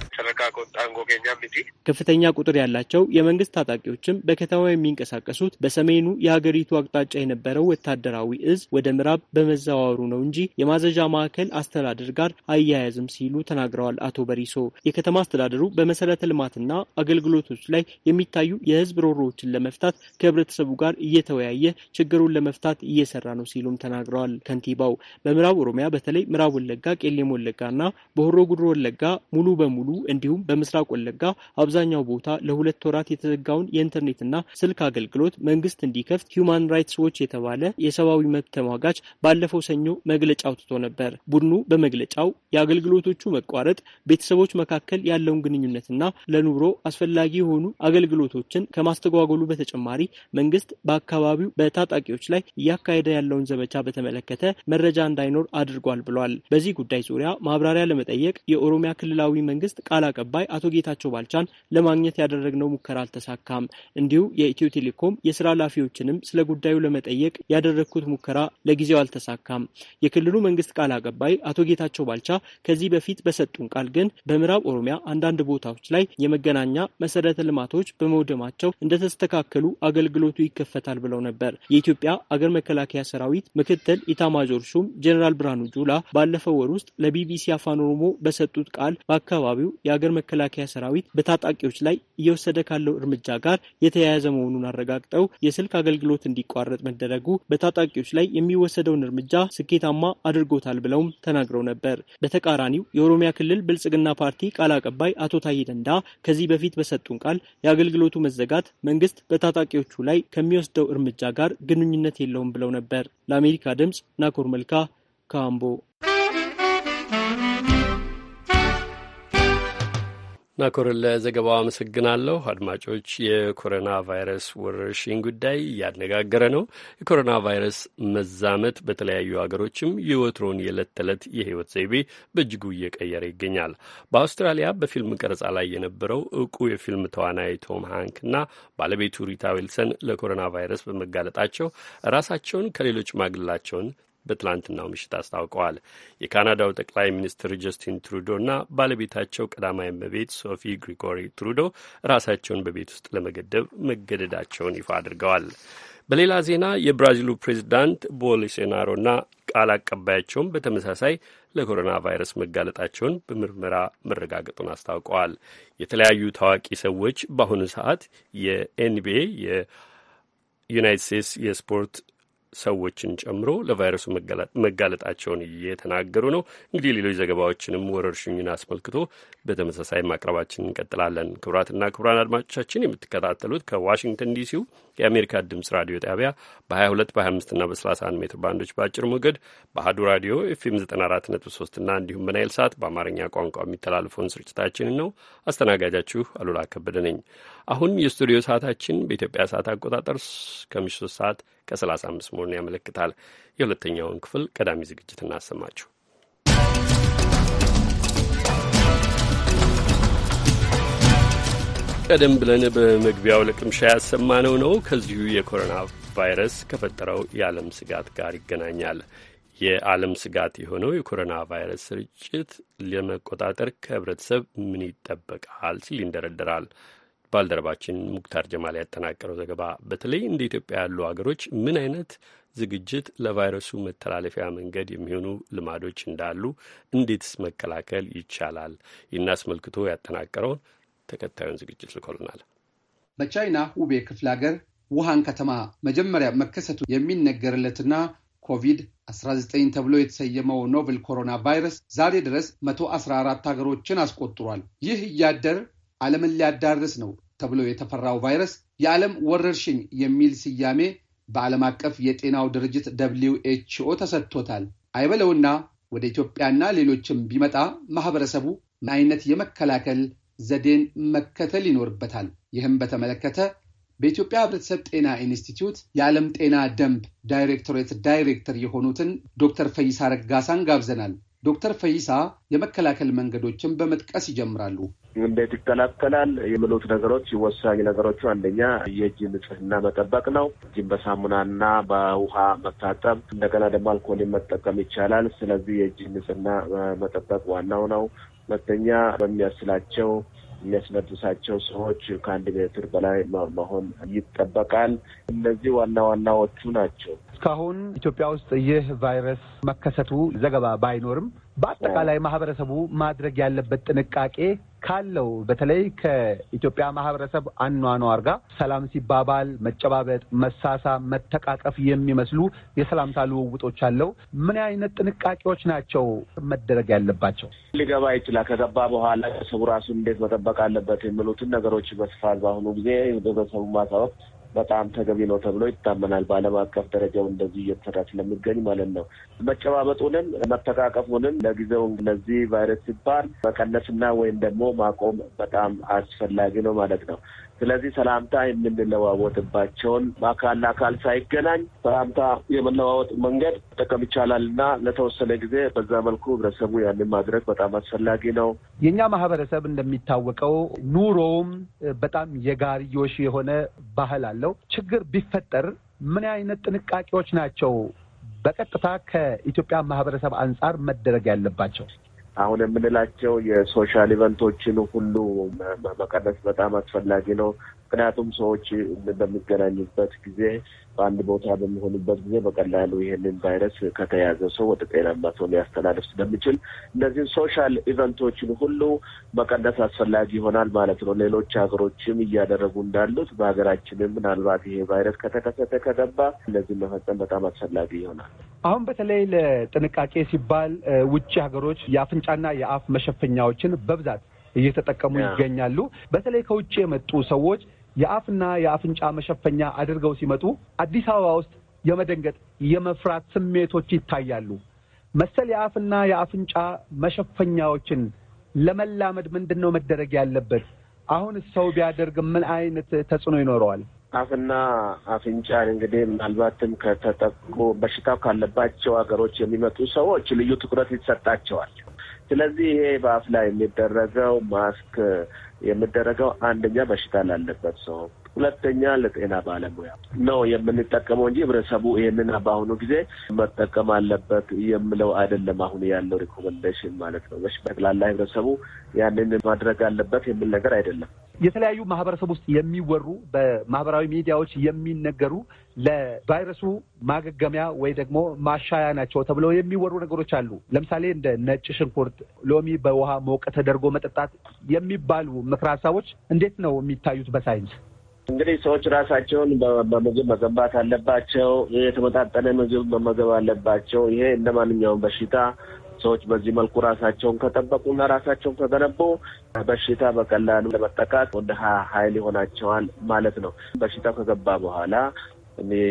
ከፍተኛ ቁጥር ያላቸው የመንግስት ታጣቂዎችም በከተማ የሚንቀሳቀሱት በሰሜኑ የሀገሪቱ አቅጣጫ የነበረው ወታደራዊ እዝ ወደ ምዕራብ በመዘዋወሩ ነው እንጂ የማዘዣ ማዕከል አስተዳደር ጋር አያያዝም ሲሉ ተናግረዋል። አቶ በሪሶ የከተማ አስተዳደሩ በመሰረተ ልማትና አገልግሎቶች ላይ የሚታዩ የህዝብ ሮሮዎችን ለመፍታት ከህብረተሰቡ ጋር እየተወያየ ችግሩን ለመፍታት እየሰራ ነው ሲሉም ተናግረዋል። ከንቲባው በምዕራብ ኦሮሚያ በተለይ ምዕራብ ወለጋ፣ ቄሌም ወለጋና በሆሮ ጉድሮ ወለጋ ሙሉ በሙሉ እንዲሁም በምስራቅ ወለጋ አብዛኛው ቦታ ለሁለት ወራት የተዘጋውን የኢንተርኔትና ስልክ አገልግሎት መንግስት እንዲከፍት ሂውማን ራይትስ ዎች የተባለ የሰብአዊ መብት ተሟጋች ባለፈው ሰኞ መግለጫ አውጥቶ ነበር። ቡድኑ በመግለጫው የአገልግሎቶቹ መቋረጥ ቤተሰቦች መካከል ያለውን ግንኙነትና ለኑሮ አስፈላጊ የሆኑ አገልግሎቶችን ከማስተጓጎሉ በተጨማሪ መንግስት በአካባቢው በታጣቂዎች ላይ እያካሄደ ያለውን ዘመቻ በተመለከተ መረጃ እንዳይኖር አድርጓል ብሏል። በዚህ ጉዳይ ዙሪያ ማብራሪያ ለመጠየቅ የኦሮሚያ ክልላዊ መንግስት ቃል አቀባይ አቶ ጌታቸው ባልቻን ለማግኘት ያደረግነው ሙከራ አልተሳካም። እንዲሁ የኢትዮ ቴሌኮም የስራ ኃላፊዎችንም ስለ ጉዳዩ ለመጠየቅ ያደረግኩት ሙከራ ለጊዜው አልተሳካም። የክልሉ መንግስት ቃል አቀባይ አቶ ጌታቸው ባልቻ ከዚህ በፊት በሰጡን ቃል ግን በምዕራብ ኦሮሚያ አንዳንድ ቦታዎች ላይ የመገናኛ መሰረተ ልማቶች በመውደማቸው እንደተስተካከሉ አገልግሎቱ ይከፈታል ብለው ነበር። የኢትዮጵያ አገር መከላከያ ሰራዊት ምክትል ኢታማዦር ሹም ጀኔራል ብርሃኑ ጁላ ባለፈው ወር ውስጥ ለቢቢሲ አፋን ኦሮሞ በሰጡት ቃል በአካባቢው የአገር መከላከያ ሰራዊት በታጣቂዎች ላይ እየወሰደ ካለው እርምጃ ጋር የተያያዘ መሆኑን አረጋግጠው የስልክ አገልግሎት እንዲቋረጥ መደረጉ በታጣቂዎች ላይ የሚወሰደውን እርምጃ ስኬታማ አድርጎታል ብለውም ተናግረው ነበር። በተቃራኒው የኦሮሚያ ክልል ብልጽግና ፓርቲ ቃል አቀባይ አቶ ታዬ ደንዳ ከዚህ በፊት በሰጡን ቃል የአገልግሎቱ መዘጋት መንግስት በታጣቂዎቹ ላይ ከሚወስደው እርምጃ ጋር ግንኙነት የለውም ብለው ነበር። ለአሜሪካ ድምፅ ናኮር መልካ ካምቦ ናኮርን ለዘገባው አመሰግናለሁ። አድማጮች፣ የኮሮና ቫይረስ ወረርሽኝ ጉዳይ እያነጋገረ ነው። የኮሮና ቫይረስ መዛመት በተለያዩ ሀገሮችም የወትሮን የዕለት ተዕለት የህይወት ዘይቤ በእጅጉ እየቀየረ ይገኛል። በአውስትራሊያ በፊልም ቀረጻ ላይ የነበረው እውቁ የፊልም ተዋናይ ቶም ሃንክና ባለቤቱ ሪታ ዊልሰን ለኮሮና ቫይረስ በመጋለጣቸው ራሳቸውን ከሌሎች ማግለላቸውን በትላንትናው ምሽት አስታውቀዋል። የካናዳው ጠቅላይ ሚኒስትር ጀስቲን ትሩዶ እና ባለቤታቸው ቀዳማዊት እመቤት ሶፊ ግሪጎሪ ትሩዶ ራሳቸውን በቤት ውስጥ ለመገደብ መገደዳቸውን ይፋ አድርገዋል። በሌላ ዜና የብራዚሉ ፕሬዚዳንት ቦልሶናሮና ቃል አቀባያቸውም በተመሳሳይ ለኮሮና ቫይረስ መጋለጣቸውን በምርመራ መረጋገጡን አስታውቀዋል። የተለያዩ ታዋቂ ሰዎች በአሁኑ ሰዓት የኤንቢኤ የዩናይት ስቴትስ የስፖርት ሰዎችን ጨምሮ ለቫይረሱ መጋለጣቸውን እየተናገሩ ነው። እንግዲህ ሌሎች ዘገባዎችንም ወረርሽኙን አስመልክቶ በተመሳሳይ ማቅረባችን እንቀጥላለን። ክቡራትና ክቡራን አድማጮቻችን የምትከታተሉት ከዋሽንግተን ዲሲው የአሜሪካ ድምጽ ራዲዮ ጣቢያ በ22 በ25ና በ31 ሜትር ባንዶች በአጭር ሞገድ በአህዱ ራዲዮ ኤፍኤም 94.3 እና እንዲሁም በናይል ሰዓት በአማርኛ ቋንቋ የሚተላልፈውን ስርጭታችንን ነው። አስተናጋጃችሁ አሉላ ከበደ ነኝ። አሁን የስቱዲዮ ሰዓታችን በኢትዮጵያ ሰዓት አቆጣጠር ከምሽቱ ሰዓት ከ35 መሆኑን ያመለክታል። የሁለተኛውን ክፍል ቀዳሚ ዝግጅት እናሰማችሁ። ቀደም ብለን በመግቢያው ለቅምሻ ያሰማነው ነው ከዚሁ የኮሮና ቫይረስ ከፈጠረው የዓለም ስጋት ጋር ይገናኛል። የዓለም ስጋት የሆነው የኮሮና ቫይረስ ስርጭት ለመቆጣጠር ከህብረተሰብ ምን ይጠበቃል ሲል ይንደረደራል። ባልደረባችን ሙክታር ጀማል ያጠናቀረው ዘገባ በተለይ እንደ ኢትዮጵያ ያሉ ሀገሮች ምን አይነት ዝግጅት ለቫይረሱ መተላለፊያ መንገድ የሚሆኑ ልማዶች እንዳሉ፣ እንዴትስ መከላከል ይቻላል? ይህን አስመልክቶ ያጠናቀረውን ተከታዩን ዝግጅት ልኮልናል። በቻይና ሁቤ ክፍለ ሀገር ውሃን ከተማ መጀመሪያ መከሰቱ የሚነገርለትና ኮቪድ-19 ተብሎ የተሰየመው ኖቨል ኮሮና ቫይረስ ዛሬ ድረስ 114 ሀገሮችን አስቆጥሯል። ይህ እያደር ዓለምን ሊያዳርስ ነው ተብሎ የተፈራው ቫይረስ የዓለም ወረርሽኝ የሚል ስያሜ በዓለም አቀፍ የጤናው ድርጅት ደብሊው ኤች ኦ ተሰጥቶታል። አይበለውና ወደ ኢትዮጵያና ሌሎችም ቢመጣ ማህበረሰቡ ምን አይነት የመከላከል ዘዴን መከተል ይኖርበታል? ይህም በተመለከተ በኢትዮጵያ ሕብረተሰብ ጤና ኢንስቲትዩት የዓለም ጤና ደንብ ዳይሬክቶሬት ዳይሬክተር የሆኑትን ዶክተር ፈይሳ ረጋሳን ጋብዘናል። ዶክተር ፈይሳ የመከላከል መንገዶችን በመጥቀስ ይጀምራሉ። እንዴት ይከላከላል የሚሉት ነገሮች ወሳኝ ነገሮቹ አንደኛ የእጅ ንጽህና መጠበቅ ነው። እጅን በሳሙናና በውሃ መታጠብ፣ እንደገና ደግሞ አልኮልን መጠቀም ይቻላል። ስለዚህ የእጅ ንጽህና መጠበቅ ዋናው ነው። ሁለተኛ በሚያስላቸው የሚያስነድሳቸው ሰዎች ከአንድ ሜትር በላይ መሆን ይጠበቃል። እነዚህ ዋና ዋናዎቹ ናቸው። እስካሁን ኢትዮጵያ ውስጥ ይህ ቫይረስ መከሰቱ ዘገባ ባይኖርም በአጠቃላይ ማህበረሰቡ ማድረግ ያለበት ጥንቃቄ ካለው በተለይ ከኢትዮጵያ ማህበረሰብ አኗኗር ጋር ሰላም ሲባባል መጨባበጥ፣ መሳሳ፣ መተቃቀፍ የሚመስሉ የሰላምታ ልውውጦች አለው። ምን አይነት ጥንቃቄዎች ናቸው መደረግ ያለባቸው? ሊገባ ይችላል። ከገባ በኋላ ሰቡ ራሱን እንዴት መጠበቅ አለበት የሚሉትን ነገሮች በስፋት በአሁኑ ጊዜ ህብረተሰቡ ማሳወቅ በጣም ተገቢ ነው ተብሎ ይታመናል። በዓለም አቀፍ ደረጃው እንደዚህ እየተሰራ ስለሚገኝ ማለት ነው። መጨባበጡንም መተቃቀፉንም ለጊዜው ለዚህ ቫይረስ ሲባል መቀነስና ወይም ደግሞ ማቆም በጣም አስፈላጊ ነው ማለት ነው። ስለዚህ ሰላምታ የምንለዋወጥባቸውን አካል ለአካል ሳይገናኝ ሰላምታ የመለዋወጥ መንገድ ጠቀም ይቻላል እና ለተወሰነ ጊዜ በዛ መልኩ ህብረተሰቡ ያንን ማድረግ በጣም አስፈላጊ ነው። የእኛ ማህበረሰብ እንደሚታወቀው ኑሮውም በጣም የጋርዮሽ የሆነ ባህል አለው። ችግር ቢፈጠር ምን አይነት ጥንቃቄዎች ናቸው በቀጥታ ከኢትዮጵያ ማህበረሰብ አንጻር መደረግ ያለባቸው? አሁን የምንላቸው የሶሻል ኢቨንቶችን ሁሉ መቀነስ በጣም አስፈላጊ ነው። ምክንያቱም ሰዎች በሚገናኙበት ጊዜ በአንድ ቦታ በሚሆኑበት ጊዜ በቀላሉ ይህንን ቫይረስ ከተያዘ ሰው ወደ ጤናማ ሰው ሊያስተላልፍ ስለሚችል እነዚህ ሶሻል ኢቨንቶችን ሁሉ መቀነስ አስፈላጊ ይሆናል ማለት ነው። ሌሎች ሀገሮችም እያደረጉ እንዳሉት በሀገራችንም ምናልባት ይሄ ቫይረስ ከተከሰተ ከገባ እነዚህ መፈጸም በጣም አስፈላጊ ይሆናል። አሁን በተለይ ለጥንቃቄ ሲባል ውጭ ሀገሮች የአፍንጫና የአፍ መሸፈኛዎችን በብዛት እየተጠቀሙ ይገኛሉ። በተለይ ከውጭ የመጡ ሰዎች የአፍና የአፍንጫ መሸፈኛ አድርገው ሲመጡ አዲስ አበባ ውስጥ የመደንገጥ የመፍራት ስሜቶች ይታያሉ። መሰል የአፍና የአፍንጫ መሸፈኛዎችን ለመላመድ ምንድን ነው መደረግ ያለበት? አሁን ሰው ቢያደርግ ምን አይነት ተጽዕኖ ይኖረዋል? አፍና አፍንጫን እንግዲህ ምናልባትም ከተጠቁ በሽታው ካለባቸው ሀገሮች የሚመጡ ሰዎች ልዩ ትኩረት ይሰጣቸዋል። ስለዚህ ይሄ በአፍ ላይ የሚደረገው ማስክ የሚደረገው አንደኛ በሽታ ላለበት ሰው ሁለተኛ ለጤና ባለሙያ ነው የምንጠቀመው እንጂ ህብረተሰቡ ይህንን በአሁኑ ጊዜ መጠቀም አለበት የምለው አይደለም። አሁን ያለው ሪኮመንዴሽን ማለት ነው። በጠቅላላ ህብረተሰቡ ያንን ማድረግ አለበት የምል ነገር አይደለም። የተለያዩ ማህበረሰብ ውስጥ የሚወሩ በማህበራዊ ሚዲያዎች የሚነገሩ ለቫይረሱ ማገገሚያ ወይ ደግሞ ማሻያ ናቸው ተብለው የሚወሩ ነገሮች አሉ። ለምሳሌ እንደ ነጭ ሽንኩርት፣ ሎሚ በውሃ ሞቀ ተደርጎ መጠጣት የሚባሉ ምክረ ሀሳቦች እንዴት ነው የሚታዩት በሳይንስ? እንግዲህ ሰዎች ራሳቸውን በምግብ መገንባት አለባቸው። የተመጣጠነ ምግብ መመገብ አለባቸው። ይሄ እንደ ማንኛውም በሽታ ሰዎች በዚህ መልኩ ራሳቸውን ከጠበቁና ራሳቸውን ከገነቡ በሽታ በቀላሉ ለመጠቃት ወደ ኃይል ይሆናቸዋል ማለት ነው። በሽታው ከገባ በኋላ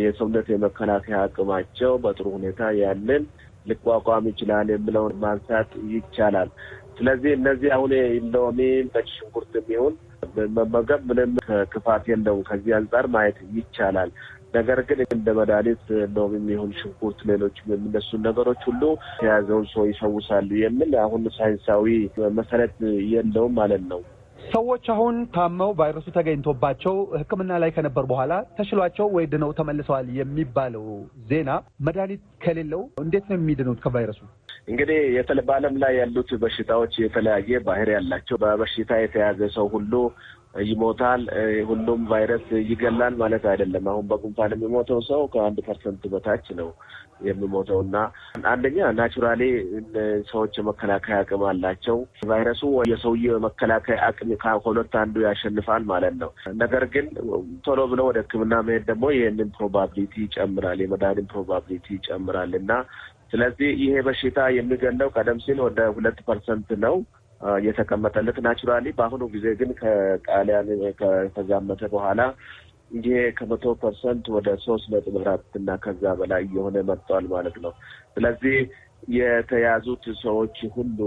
የሰውነት የመከላከያ አቅማቸው በጥሩ ሁኔታ ያንን ሊቋቋም ይችላል የሚለውን ማንሳት ይቻላል። ስለዚህ እነዚህ አሁን ኢንዶሚን በሽንኩርት ሽንኩርት የሚሆን መመገብ ምንም ክፋት የለውም። ከዚህ አንጻር ማየት ይቻላል። ነገር ግን እንደ መድኃኒት ነው የሚሆን ሽንኩርት፣ ሌሎች የሚነሱን ነገሮች ሁሉ የያዘውን ሰው ይፈውሳሉ የሚል አሁን ሳይንሳዊ መሰረት የለውም ማለት ነው። ሰዎች አሁን ታመው ቫይረሱ ተገኝቶባቸው ሕክምና ላይ ከነበር በኋላ ተሽሏቸው ወይ ድነው ተመልሰዋል የሚባለው ዜና መድኃኒት ከሌለው እንዴት ነው የሚድኑት ከቫይረሱ? እንግዲህ በዓለም ላይ ያሉት በሽታዎች የተለያየ ባህሪ ያላቸው። በበሽታ የተያዘ ሰው ሁሉ ይሞታል። ሁሉም ቫይረስ ይገላል ማለት አይደለም። አሁን በጉንፋን የሚሞተው ሰው ከአንድ ፐርሰንት በታች ነው የሚሞተው እና አንደኛ ናቹራሊ ሰዎች የመከላከያ አቅም አላቸው። ቫይረሱ የሰውዬ የመከላከያ አቅም ከሁለት አንዱ ያሸንፋል ማለት ነው። ነገር ግን ቶሎ ብለው ወደ ሕክምና መሄድ ደግሞ ይህንን ፕሮባብሊቲ ይጨምራል፣ የመዳንን ፕሮባብሊቲ ይጨምራል እና ስለዚህ ይሄ በሽታ የሚገለው ቀደም ሲል ወደ ሁለት ፐርሰንት ነው የተቀመጠለት ናቹራሊ። በአሁኑ ጊዜ ግን ከጣሊያን ከተዛመተ በኋላ ይሄ ከመቶ ፐርሰንት ወደ ሶስት ነጥብ አራት እና ከዛ በላይ እየሆነ መጥቷል ማለት ነው። ስለዚህ የተያዙት ሰዎች ሁሉ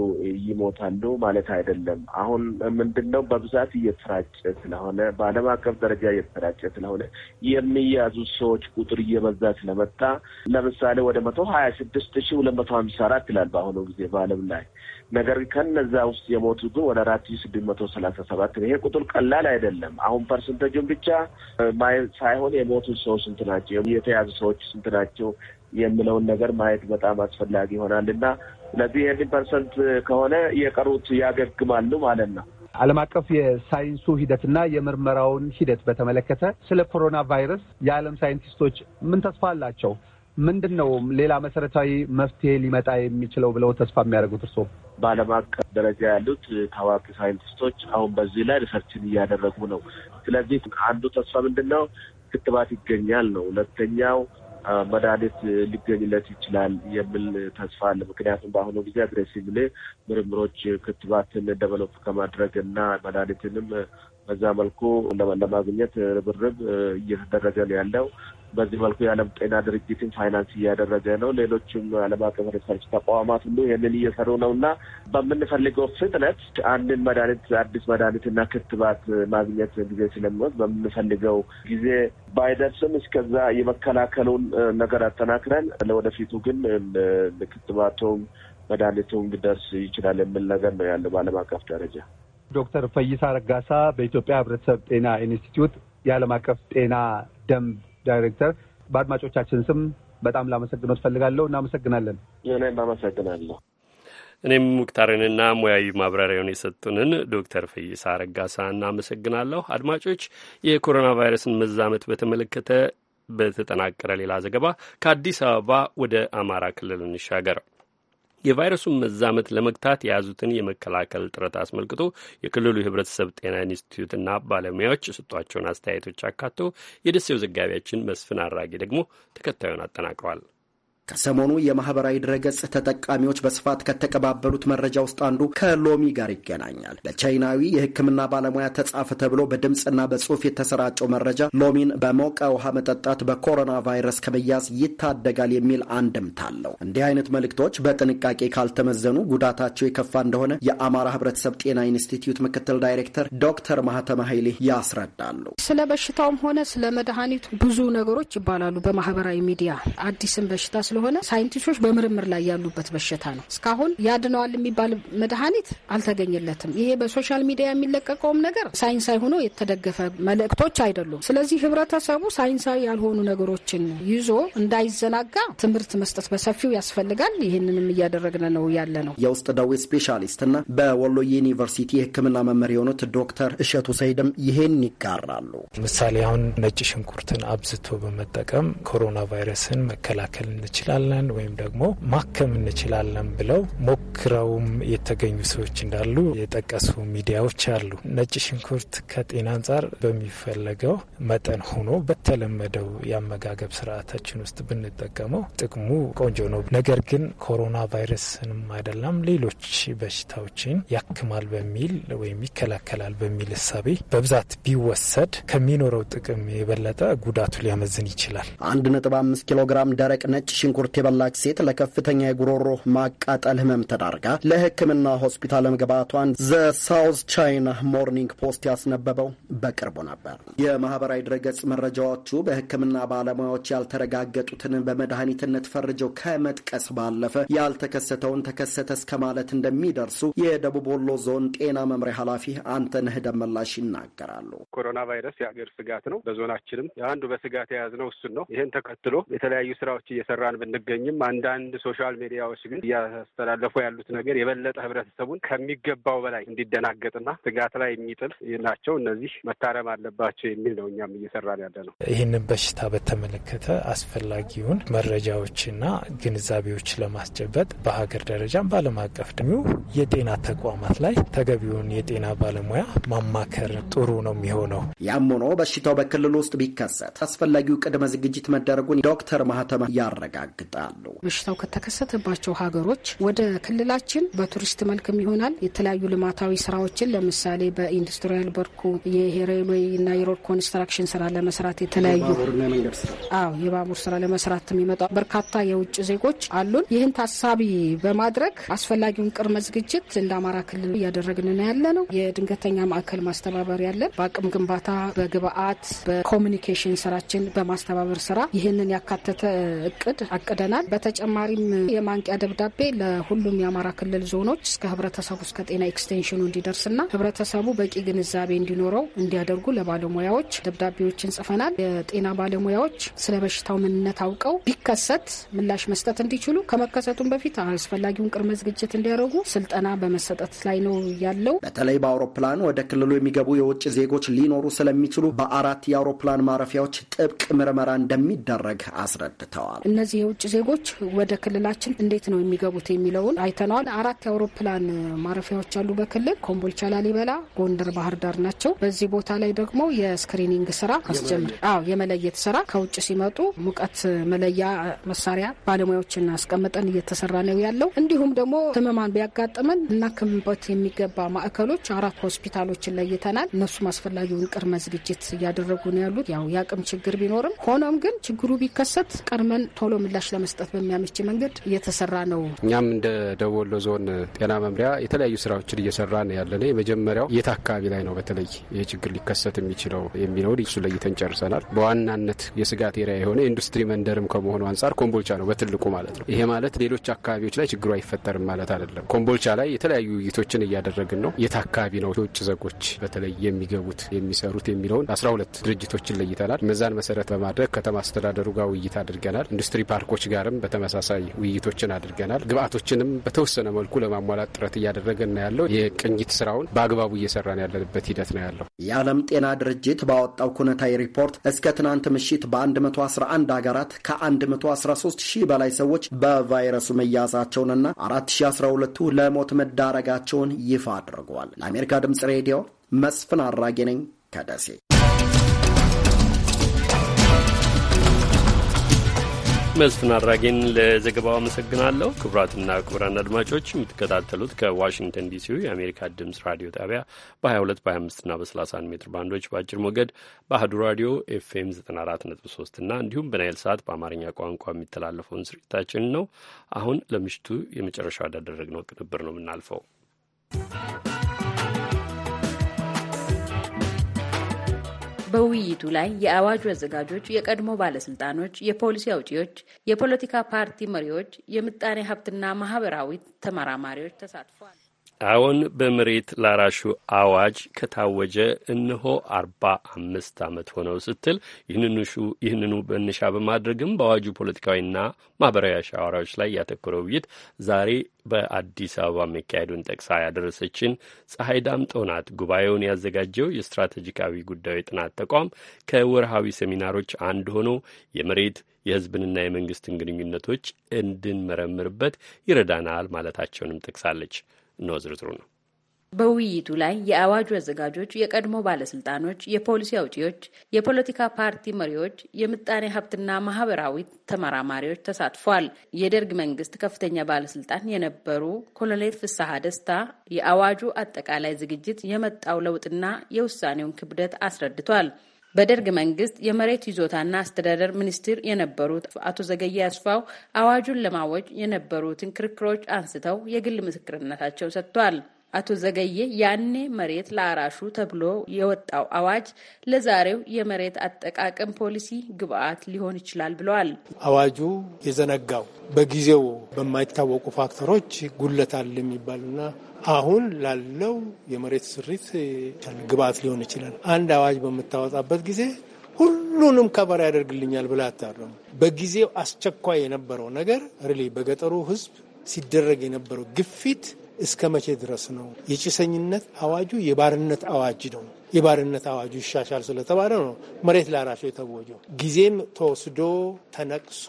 ይሞታሉ ማለት አይደለም። አሁን ምንድን ነው በብዛት እየተሰራጨ ስለሆነ በዓለም አቀፍ ደረጃ እየተሰራጨ ስለሆነ የሚያዙት ሰዎች ቁጥር እየበዛ ስለመጣ ለምሳሌ ወደ መቶ ሀያ ስድስት ሺ ሁለት መቶ ሀምሳ አራት ይላል በአሁኑ ጊዜ በዓለም ላይ ነገር ግን ከነዛ ውስጥ የሞቱ ግን ወደ አራት ሺ ስድስት መቶ ሰላሳ ሰባት ነው። ይሄ ቁጥር ቀላል አይደለም። አሁን ፐርሰንተጁን ብቻ ሳይሆን የሞቱ ሰዎች ስንት ናቸው፣ የተያዙ ሰዎች ስንት ናቸው፣ የሚለውን ነገር ማየት በጣም አስፈላጊ ይሆናል እና ስለዚህ ይህን ፐርሰንት ከሆነ የቀሩት ያገግማሉ ማለት ነው። ዓለም አቀፍ የሳይንሱ ሂደትና የምርመራውን ሂደት በተመለከተ ስለ ኮሮና ቫይረስ የዓለም ሳይንቲስቶች ምን ተስፋ አላቸው? ምንድን ነው ሌላ መሰረታዊ መፍትሄ ሊመጣ የሚችለው ብለው ተስፋ የሚያደርጉት እርስዎ? በዓለም አቀፍ ደረጃ ያሉት ታዋቂ ሳይንቲስቶች አሁን በዚህ ላይ ሪሰርችን እያደረጉ ነው። ስለዚህ አንዱ ተስፋ ምንድን ነው? ክትባት ይገኛል ነው። ሁለተኛው መድኃኒት ሊገኝለት ይችላል የሚል ተስፋ አለ። ምክንያቱም በአሁኑ ጊዜ አግሬሲቭ ላይ ምርምሮች ክትባትን ደቨሎፕ ከማድረግ እና መድኃኒትንም በዛ መልኩ ለማግኘት ርብርብ እየተደረገ ነው ያለው። በዚህ መልኩ የዓለም ጤና ድርጅትን ፋይናንስ እያደረገ ነው። ሌሎችም ዓለም አቀፍ ሪሰርች ተቋማት ሁሉ ይህንን እየሰሩ ነው እና በምንፈልገው ፍጥነት አንድን መድኃኒት አዲስ መድኃኒት እና ክትባት ማግኘት ጊዜ ስለሚወስድ በምንፈልገው ጊዜ ባይደርስም እስከዛ የመከላከሉን ነገር አጠናክረን ለወደፊቱ ግን ክትባቱም መድኃኒቱም ሊደርስ ይችላል የሚል ነገር ነው ያለው በዓለም አቀፍ ደረጃ። ዶክተር ፈይሳ ረጋሳ በኢትዮጵያ ሕብረተሰብ ጤና ኢንስቲትዩት የዓለም አቀፍ ጤና ደንብ ዳይሬክተር በአድማጮቻችን ስም በጣም ላመሰግኖ ፈልጋለሁ። እናመሰግናለን። እኔም አመሰግናለሁ። እኔም ሙክታርንና ሙያዊ ማብራሪያውን የሰጡንን ዶክተር ፈይሳ ረጋሳ እናመሰግናለሁ። አድማጮች የኮሮና ቫይረስን መዛመት በተመለከተ በተጠናቀረ ሌላ ዘገባ ከአዲስ አበባ ወደ አማራ ክልል እንሻገረው። የቫይረሱን መዛመት ለመግታት የያዙትን የመከላከል ጥረት አስመልክቶ የክልሉ የህብረተሰብ ጤና ኢንስቲትዩትና ባለሙያዎች የሰጧቸውን አስተያየቶች አካቶ የደሴው ዘጋቢያችን መስፍን አራጌ ደግሞ ተከታዩን አጠናቅረዋል። ከሰሞኑ የማህበራዊ ድረገጽ ተጠቃሚዎች በስፋት ከተቀባበሉት መረጃ ውስጥ አንዱ ከሎሚ ጋር ይገናኛል። በቻይናዊ የሕክምና ባለሙያ ተጻፈ ተብሎ በድምፅና በጽሁፍ የተሰራጨው መረጃ ሎሚን በሞቀ ውሃ መጠጣት በኮሮና ቫይረስ ከመያዝ ይታደጋል የሚል አንድምታ አለው። እንዲህ አይነት መልእክቶች በጥንቃቄ ካልተመዘኑ ጉዳታቸው የከፋ እንደሆነ የአማራ ህብረተሰብ ጤና ኢንስቲትዩት ምክትል ዳይሬክተር ዶክተር ማህተማ ኃይሌ ያስረዳሉ። ስለ በሽታውም ሆነ ስለ መድኃኒቱ ብዙ ነገሮች ይባላሉ። በማህበራዊ ሚዲያ አዲስን በሽታ ስለሆነ ሳይንቲስቶች በምርምር ላይ ያሉበት በሽታ ነው። እስካሁን ያድነዋል የሚባል መድኃኒት አልተገኘለትም። ይሄ በሶሻል ሚዲያ የሚለቀቀውም ነገር ሳይንሳዊ ሆኖ የተደገፈ መልእክቶች አይደሉም። ስለዚህ ህብረተሰቡ ሳይንሳዊ ያልሆኑ ነገሮችን ይዞ እንዳይዘናጋ ትምህርት መስጠት በሰፊው ያስፈልጋል። ይህንንም እያደረግን ነው ያለ ነው። የውስጥ ደዌ ስፔሻሊስትና በወሎ ዩኒቨርሲቲ የህክምና መምህር የሆኑት ዶክተር እሸቱ ሰይድም ይህን ይጋራሉ። ምሳሌ አሁን ነጭ ሽንኩርትን አብዝቶ በመጠቀም ኮሮና ቫይረስን መከላከል እንችላል እንችላለን ወይም ደግሞ ማከም እንችላለን ብለው ሞክረውም የተገኙ ሰዎች እንዳሉ የጠቀሱ ሚዲያዎች አሉ። ነጭ ሽንኩርት ከጤና አንጻር በሚፈለገው መጠን ሆኖ በተለመደው የአመጋገብ ስርዓታችን ውስጥ ብንጠቀመው ጥቅሙ ቆንጆ ነው። ነገር ግን ኮሮና ቫይረስንም አይደለም ሌሎች በሽታዎችን ያክማል በሚል ወይም ይከላከላል በሚል እሳቤ በብዛት ቢወሰድ ከሚኖረው ጥቅም የበለጠ ጉዳቱ ሊያመዝን ይችላል። አንድ ነጥብ አምስት ኪሎ ግራም ደረቅ ነጭ ሽንኩርት የበላች ሴት ለከፍተኛ የጉሮሮ ማቃጠል ህመም ተዳርጋ ለሕክምና ሆስፒታል መግባቷን ዘ ሳውዝ ቻይና ሞርኒንግ ፖስት ያስነበበው በቅርቡ ነበር። የማህበራዊ ድረገጽ መረጃዎቹ በሕክምና ባለሙያዎች ያልተረጋገጡትን በመድኃኒትነት ፈርጀው ከመጥቀስ ባለፈ ያልተከሰተውን ተከሰተ እስከ ማለት እንደሚደርሱ የደቡብ ወሎ ዞን ጤና መምሪያ ኃላፊ አንተነህ ደመላሽ ይናገራሉ። ኮሮና ቫይረስ የአገር ስጋት ነው። በዞናችንም አንዱ በስጋት የያዝነው እሱን ነው። ይህን ተከትሎ የተለያዩ ስራዎች እየሰራን ብንገኝም አንዳንድ ሶሻል ሚዲያዎች ግን እያስተላለፉ ያሉት ነገር የበለጠ ህብረተሰቡን ከሚገባው በላይ እንዲደናገጥና ስጋት ላይ የሚጥል ናቸው። እነዚህ መታረም አለባቸው የሚል ነው እኛም እየሰራን ያለ ነው። ይህንን በሽታ በተመለከተ አስፈላጊውን መረጃዎችና ግንዛቤዎች ለማስጨበጥ በሀገር ደረጃም በዓለም አቀፍ ድሚው የጤና ተቋማት ላይ ተገቢውን የጤና ባለሙያ ማማከር ጥሩ ነው የሚሆነው። ያም ሆኖ በሽታው በክልል ውስጥ ቢከሰት አስፈላጊው ቅድመ ዝግጅት መደረጉን ዶክተር ማህተማ ያረጋግ ያረጋግጣሉ። በሽታው ከተከሰተባቸው ሀገሮች ወደ ክልላችን በቱሪስት መልክም ይሆናል የተለያዩ ልማታዊ ስራዎችን ለምሳሌ በኢንዱስትሪያል በርኩ የሄሬሎይ እና የሮድ ኮንስትራክሽን ስራ ለመስራት የተለያዩ አዎ የባቡር ስራ ለመስራት የሚመጣ በርካታ የውጭ ዜጎች አሉን። ይህን ታሳቢ በማድረግ አስፈላጊውን ቅድመ ዝግጅት እንደ አማራ ክልል እያደረግን ያለ ነው። የድንገተኛ ማዕከል ማስተባበር ያለን በአቅም ግንባታ፣ በግብአት፣ በኮሚኒኬሽን ስራችን፣ በማስተባበር ስራ ይህንን ያካተተ እቅድ አቅደናል። በተጨማሪም የማንቂያ ደብዳቤ ለሁሉም የአማራ ክልል ዞኖች እስከ ህብረተሰቡ እስከ ጤና ኤክስቴንሽኑ እንዲደርስና ህብረተሰቡ በቂ ግንዛቤ እንዲኖረው እንዲያደርጉ ለባለሙያዎች ደብዳቤዎችን ጽፈናል። የጤና ባለሙያዎች ስለ በሽታው ምንነት አውቀው ቢከሰት ምላሽ መስጠት እንዲችሉ ከመከሰቱም በፊት አስፈላጊውን ቅድመ ዝግጅት እንዲያደርጉ ስልጠና በመሰጠት ላይ ነው ያለው። በተለይ በአውሮፕላን ወደ ክልሉ የሚገቡ የውጭ ዜጎች ሊኖሩ ስለሚችሉ በአራት የአውሮፕላን ማረፊያዎች ጥብቅ ምርመራ እንደሚደረግ አስረድተዋል። እነዚህ የውጭ ዜጎች ወደ ክልላችን እንዴት ነው የሚገቡት የሚለውን አይተነዋል። አራት የአውሮፕላን ማረፊያዎች አሉ በክልል ኮምቦልቻ፣ ላሊበላ፣ ጎንደር፣ ባህር ዳር ናቸው። በዚህ ቦታ ላይ ደግሞ የስክሪኒንግ ስራ አስጀምር አዎ የመለየት ስራ ከውጭ ሲመጡ ሙቀት መለያ መሳሪያ ባለሙያዎችን አስቀምጠን እየተሰራ ነው ያለው። እንዲሁም ደግሞ ህመማን ቢያጋጥመን እናክምበት የሚገባ ማዕከሎች አራት ሆስፒታሎችን ለይተናል። እነሱም አስፈላጊውን ቅድመ ዝግጅት እያደረጉ ነው ያሉት። ያው የአቅም ችግር ቢኖርም ሆኖም ግን ችግሩ ቢከሰት ቀድመን ቶሎ ምላሽ ለመስጠት በሚያመች መንገድ እየተሰራ ነው። እኛም እንደ ደቡብ ወሎ ዞን ጤና መምሪያ የተለያዩ ስራዎችን እየሰራ ነው ያለነ። የመጀመሪያው የት አካባቢ ላይ ነው በተለይ ይህ ችግር ሊከሰት የሚችለው የሚለውን እሱ ለይተን ጨርሰናል። በዋናነት የስጋት ኤሪያ የሆነ የኢንዱስትሪ መንደርም ከመሆኑ አንጻር ኮምቦልቻ ነው በትልቁ ማለት ነው። ይሄ ማለት ሌሎች አካባቢዎች ላይ ችግሩ አይፈጠርም ማለት አይደለም። ኮምቦልቻ ላይ የተለያዩ ውይይቶችን እያደረግን ነው። የት አካባቢ ነው የውጭ ዜጎች በተለይ የሚገቡት የሚሰሩት የሚለውን አስራ ሁለት ድርጅቶችን ለይተናል። መዛን መሰረት በማድረግ ከተማ አስተዳደሩ ጋር ውይይት አድርገናል። ኢንዱስትሪ ፓርክ ፓርኮች ጋርም በተመሳሳይ ውይይቶችን አድርገናል። ግብአቶችንም በተወሰነ መልኩ ለማሟላት ጥረት እያደረገን ያለው። የቅኝት ስራውን በአግባቡ እየሰራን ያለንበት ሂደት ነው ያለው። የዓለም ጤና ድርጅት ባወጣው ኩነታዊ ሪፖርት እስከ ትናንት ምሽት በ111 ሀገራት ከ113 ሺህ በላይ ሰዎች በቫይረሱ መያዛቸውንና 4012ቱ ለሞት መዳረጋቸውን ይፋ አድርገዋል። ለአሜሪካ ድምጽ ሬዲዮ መስፍን አራጌ ነኝ ከደሴ መስፍን አድራጌን ለዘገባው አመሰግናለሁ። ክቡራትና ክቡራን አድማጮች የምትከታተሉት ከዋሽንግተን ዲሲው የአሜሪካ ድምፅ ራዲዮ ጣቢያ በ22 በ25ና በ31 ሜትር ባንዶች በአጭር ሞገድ በአህዱ ራዲዮ ኤፍኤም 94.3 እና እንዲሁም በናይል ሰዓት በአማርኛ ቋንቋ የሚተላለፈውን ስርጭታችን ነው። አሁን ለምሽቱ የመጨረሻው ያደረግነው ቅንብር ነው የምናልፈው። በውይይቱ ላይ የአዋጁ አዘጋጆች የቀድሞ ባለስልጣኖች፣ የፖሊሲ አውጪዎች፣ የፖለቲካ ፓርቲ መሪዎች፣ የምጣኔ ሀብትና ማህበራዊ ተመራማሪዎች ተሳትፏል። አዎን በመሬት ላራሹ አዋጅ ከታወጀ እነሆ አርባ አምስት ዓመት ሆነው ስትል ይህንኑ መነሻ በማድረግም በአዋጁ ፖለቲካዊና ማህበራዊ አሻዋራዎች ላይ ያተኮረው ውይይት ዛሬ በአዲስ አበባ መካሄዱን ጠቅሳ ያደረሰችን ፀሐይ ዳምጠው ናት። ጉባኤውን ያዘጋጀው የስትራቴጂካዊ ጉዳዮች ጥናት ተቋም ከወርሃዊ ሴሚናሮች አንድ ሆኖ የመሬት የህዝብንና የመንግስትን ግንኙነቶች እንድንመረምርበት ይረዳናል ማለታቸውንም ጠቅሳለች። ነው ዝርዝሩ ነው። በውይይቱ ላይ የአዋጁ አዘጋጆች የቀድሞ ባለስልጣኖች፣ የፖሊሲ አውጪዎች፣ የፖለቲካ ፓርቲ መሪዎች፣ የምጣኔ ሀብትና ማህበራዊ ተመራማሪዎች ተሳትፏል። የደርግ መንግስት ከፍተኛ ባለስልጣን የነበሩ ኮሎኔል ፍስሐ ደስታ የአዋጁ አጠቃላይ ዝግጅት የመጣው ለውጥና የውሳኔውን ክብደት አስረድቷል። በደርግ መንግስት የመሬት ይዞታና አስተዳደር ሚኒስትር የነበሩት አቶ ዘገየ አስፋው አዋጁን ለማወጅ የነበሩትን ክርክሮች አንስተው የግል ምስክርነታቸው ሰጥቷል። አቶ ዘገየ ያኔ መሬት ለአራሹ ተብሎ የወጣው አዋጅ ለዛሬው የመሬት አጠቃቀም ፖሊሲ ግብአት ሊሆን ይችላል ብለዋል። አዋጁ የዘነጋው በጊዜው በማይታወቁ ፋክተሮች ጉድለት አለ የሚባልና አሁን ላለው የመሬት ስሪት ግብአት ሊሆን ይችላል። አንድ አዋጅ በምታወጣበት ጊዜ ሁሉንም ከበር ያደርግልኛል ብላ አታለም። በጊዜው አስቸኳይ የነበረው ነገር ሪሊ በገጠሩ ህዝብ ሲደረግ የነበረው ግፊት እስከ መቼ ድረስ ነው? የጭሰኝነት አዋጁ የባርነት አዋጅ ነው። የባርነት አዋጁ ይሻሻል ስለተባለ ነው መሬት ላራሹ የተወጀው። ጊዜም ተወስዶ ተነቅሶ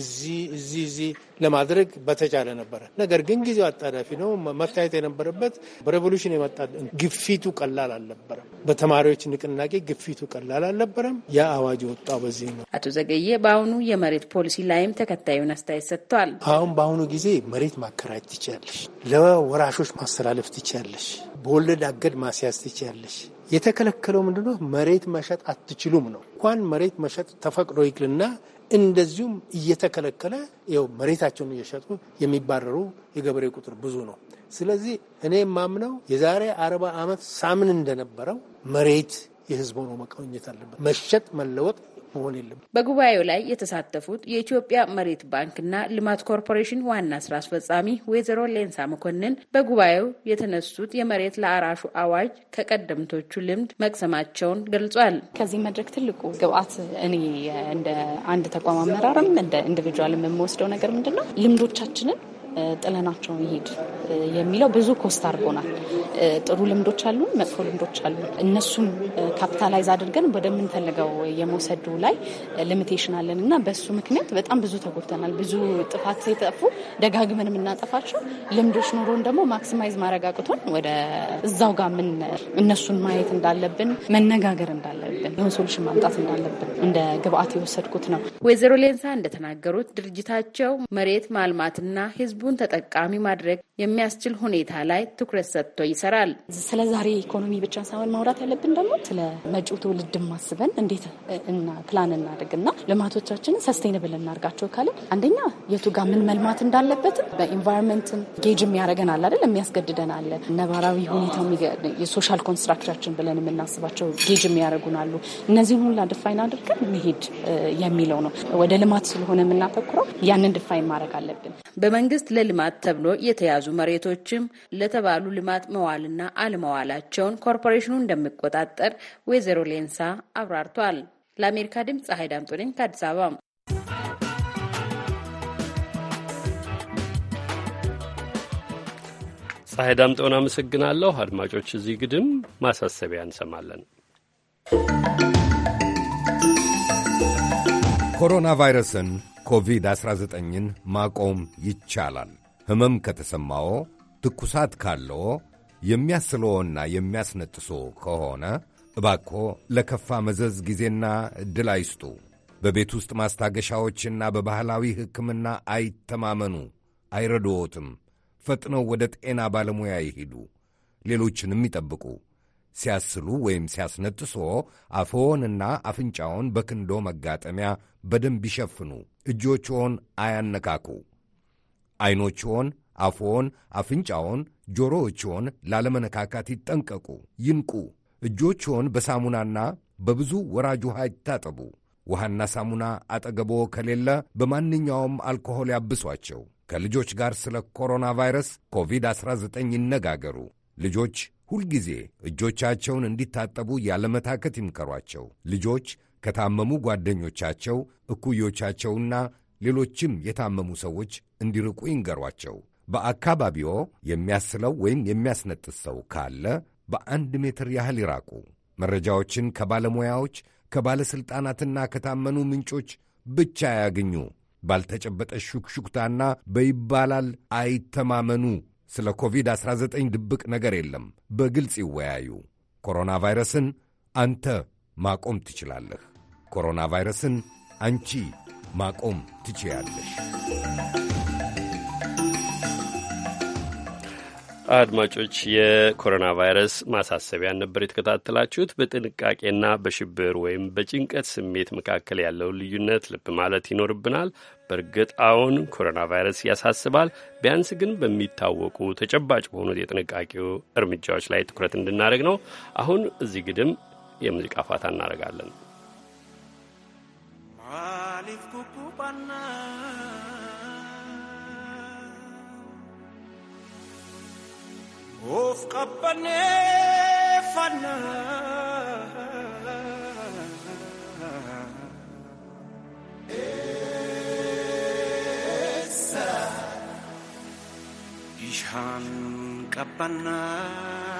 እዚህ እዚህ እዚህ ለማድረግ በተቻለ ነበረ። ነገር ግን ጊዜው አጣዳፊ ነው። መታየት የነበረበት በሬቮሉሽን የመጣ ግፊቱ ቀላል አልነበረም። በተማሪዎች ንቅናቄ ግፊቱ ቀላል አልነበረም። ያ አዋጅ ወጣ። በዚህ ነው አቶ ዘገየ በአሁኑ የመሬት ፖሊሲ ላይም ተከታዩን አስተያየት ሰጥቷል። አሁን በአሁኑ ጊዜ መሬት ማከራየት ትችያለሽ፣ ለወራሾች ማስተላለፍ ትችያለሽ፣ በወለድ አገድ ማስያዝ ትችያለሽ። የተከለከለው ነው? መሬት መሸጥ አትችሉም ነው። እንኳን መሬት መሸጥ ተፈቅዶ ይቅልና እንደዚሁም እየተከለከለ ው መሬታቸውን እየሸጡ የሚባረሩ የገበሬ ቁጥር ብዙ ነው። ስለዚህ እኔ የማምነው የዛሬ አርባ ዓመት ሳምን እንደነበረው መሬት የህዝብ ሆኖ መቆየት አለበት። መሸጥ መለወጥ መሆን የለም። በጉባኤው ላይ የተሳተፉት የኢትዮጵያ መሬት ባንክና ልማት ኮርፖሬሽን ዋና ስራ አስፈጻሚ ወይዘሮ ሌንሳ መኮንን በጉባኤው የተነሱት የመሬት ለአራሹ አዋጅ ከቀደምቶቹ ልምድ መቅሰማቸውን ገልጿል። ከዚህ መድረክ ትልቁ ግብአት እኔ እንደ አንድ ተቋም አመራርም እንደ ኢንዲቪጁዋል የምንወስደው ነገር ምንድን ነው ልምዶቻችንን ጥለናቸው ይሄድ የሚለው ብዙ ኮስት አድርጎናል። ጥሩ ልምዶች አሉ፣ መጥፎ ልምዶች አሉ እነሱን ካፒታላይዝ አድርገን ወደምንፈልገው የመውሰዱ ላይ ሊሚቴሽን አለን እና በሱ ምክንያት በጣም ብዙ ተጎድተናል። ብዙ ጥፋት የጠፉ ደጋግመን የምናጠፋቸው ልምዶች ኖሮን ደግሞ ማክሲማይዝ ማድረግ አቅቶን ወደ እዛው ጋር ምን እነሱን ማየት እንዳለብን መነጋገር እንዳለብን ይሁን ሶሉሽን ማምጣት እንዳለብን እንደ ግብአት የወሰድኩት ነው። ወይዘሮ ሌንሳ እንደተናገሩት ድርጅታቸው መሬት ማልማትና ህዝብ ህዝቡን ተጠቃሚ ማድረግ የሚያስችል ሁኔታ ላይ ትኩረት ሰጥቶ ይሰራል። ስለ ዛሬ ኢኮኖሚ ብቻ ሳይሆን ማውራት ያለብን ደግሞ ስለ መጪው ትውልድ ማስበን እንዴት እና ፕላን እናድርግ እና ልማቶቻችንን ሰስቴንብል እናርጋቸው ካለ አንደኛ የቱ ጋር ምን መልማት እንዳለበትም በኢንቫይሮንመንትን ጌጅ የሚያደርገን አለ አይደል የሚያስገድደን አለ ነባራዊ ሁኔታ የሶሻል ኮንስትራክቻችን ብለን የምናስባቸው ጌጅ የሚያደርጉን አሉ። እነዚህን ሁላ ድፋይን አድርገን መሄድ የሚለው ነው። ወደ ልማት ስለሆነ የምናተኩረው ያንን ድፋይን ማድረግ አለብን። በመንግስት ለልማት ተብሎ የተያዙ መሬቶችም ለተባሉ ልማት መዋልና አለመዋላቸውን ኮርፖሬሽኑ እንደሚቆጣጠር ወይዘሮ ሌንሳ አብራርቷል። ለአሜሪካ ድምፅ ፀሐይ ዳምጦ ነኝ ከአዲስ አበባ። ፀሐይ ዳምጠውን አመሰግናለሁ። አድማጮች፣ እዚህ ግድም ማሳሰቢያ እንሰማለን። ኮሮና ቫይረስን ኮቪድ-19ን ማቆም ይቻላል። ህመም ከተሰማዎ፣ ትኩሳት ካለዎ፣ የሚያስለዎና የሚያስነጥሶ ከሆነ እባክዎ ለከፋ መዘዝ ጊዜና ዕድል አይስጡ። በቤት ውስጥ ማስታገሻዎችና በባህላዊ ሕክምና አይተማመኑ፣ አይረድዎትም። ፈጥነው ወደ ጤና ባለሙያ ይሂዱ። ሌሎችንም ይጠብቁ። ሲያስሉ ወይም ሲያስነጥሶ አፍዎንና አፍንጫውን በክንዶ መጋጠሚያ በደንብ ይሸፍኑ። እጆችዎን አያነቃቁ። ዐይኖችዎን፣ አፍዎን፣ አፍንጫዎን፣ ጆሮዎችዎን ላለመነካካት ይጠንቀቁ፣ ይንቁ። እጆችዎን በሳሙናና በብዙ ወራጅ ውሃ ይታጠቡ። ውሃና ሳሙና አጠገቦ ከሌለ በማንኛውም አልኮሆል ያብሷቸው። ከልጆች ጋር ስለ ኮሮና ቫይረስ ኮቪድ-19 ይነጋገሩ። ልጆች ሁልጊዜ እጆቻቸውን እንዲታጠቡ ያለመታከት ይምከሯቸው። ልጆች ከታመሙ ጓደኞቻቸው፣ እኩዮቻቸውና ሌሎችም የታመሙ ሰዎች እንዲርቁ ይንገሯቸው። በአካባቢዎ የሚያስለው ወይም የሚያስነጥስ ሰው ካለ በአንድ ሜትር ያህል ይራቁ። መረጃዎችን ከባለሙያዎች ከባለሥልጣናትና ከታመኑ ምንጮች ብቻ ያግኙ። ባልተጨበጠ ሹክሹክታና በይባላል አይተማመኑ። ስለ ኮቪድ-19 ድብቅ ነገር የለም። በግልጽ ይወያዩ። ኮሮና ቫይረስን አንተ ማቆም ትችላለህ። ኮሮና ቫይረስን አንቺ ማቆም ትችያለሽ። አድማጮች፣ የኮሮና ቫይረስ ማሳሰቢያን ነበር የተከታተላችሁት። በጥንቃቄና በሽብር ወይም በጭንቀት ስሜት መካከል ያለውን ልዩነት ልብ ማለት ይኖርብናል። በእርግጥ አሁን ኮሮና ቫይረስ ያሳስባል። ቢያንስ ግን በሚታወቁ ተጨባጭ በሆኑት የጥንቃቄው እርምጃዎች ላይ ትኩረት እንድናደርግ ነው። አሁን እዚህ ግድም የሙዚቃ ፋታ እናደርጋለን። Alif kukubannaa of qabbanneeffannaa. Eessa ishaan qabbannaa.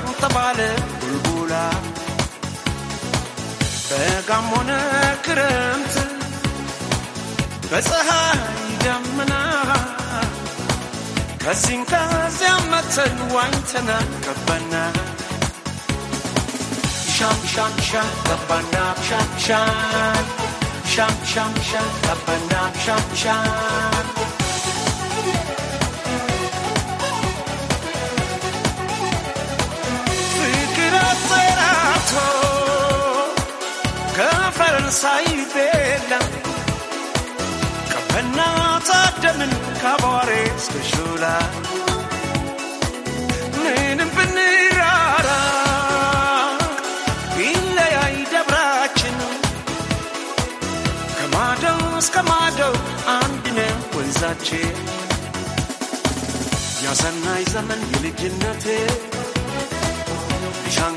የተባለ ቡልቡላ በጋም ሆነ ክረምት በፀሐይ ደመና ከዚህም ከዚያም መተን ዋኝተና ገባና ሻም ሻም ሻም ገባና ሻም ሻም ሻም ሻም ሻም ሻም ሻም ገብቶ ከፈረንሳይ ቤላ ቀበና ታደምን ካቧሬ እስከ ምንም ብንራራ ቢለያይ ደብራችን ከማደው እስከ ማደው አንድነ ወንዛችን ያሰናይ ዘመን የልጅነቴ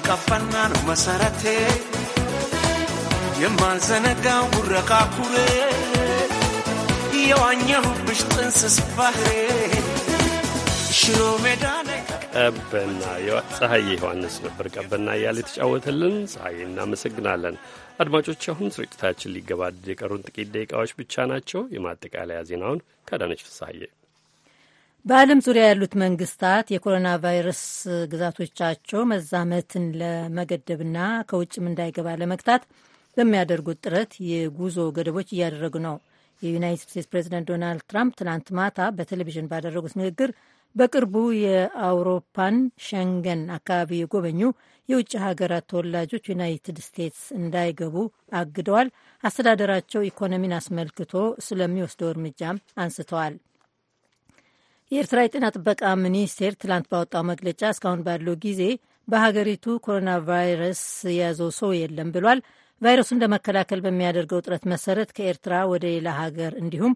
ቀፈና ነው መሰረቴ የማልዘነጋው ጉረቃ ኩሬ የዋኘሁብሽ ጥንስስ ባህሬ ሽሮ ሜዳ ቀበና ፀሐዬ ዮሐንስ ነበር ቀበና እያለ የተጫወተልን። ፀሐዬ እናመሰግናለን። አድማጮች አሁን ስርጭታችን ሊገባደድ የቀሩን ጥቂት ደቂቃዎች ብቻ ናቸው። የማጠቃለያ ዜናውን ከዳነች ፍሳሐዬ በዓለም ዙሪያ ያሉት መንግስታት የኮሮና ቫይረስ ግዛቶቻቸው መዛመትን ለመገደብና ከውጭም እንዳይገባ ለመግታት በሚያደርጉት ጥረት የጉዞ ገደቦች እያደረጉ ነው። የዩናይትድ ስቴትስ ፕሬዚደንት ዶናልድ ትራምፕ ትናንት ማታ በቴሌቪዥን ባደረጉት ንግግር በቅርቡ የአውሮፓን ሸንገን አካባቢ የጎበኙ የውጭ ሀገራት ተወላጆች ዩናይትድ ስቴትስ እንዳይገቡ አግደዋል። አስተዳደራቸው ኢኮኖሚን አስመልክቶ ስለሚወስደው እርምጃም አንስተዋል። የኤርትራ የጤና ጥበቃ ሚኒስቴር ትላንት ባወጣው መግለጫ እስካሁን ባለው ጊዜ በሀገሪቱ ኮሮና ቫይረስ የያዘው ሰው የለም ብሏል። ቫይረሱን ለመከላከል በሚያደርገው ጥረት መሰረት ከኤርትራ ወደ ሌላ ሀገር እንዲሁም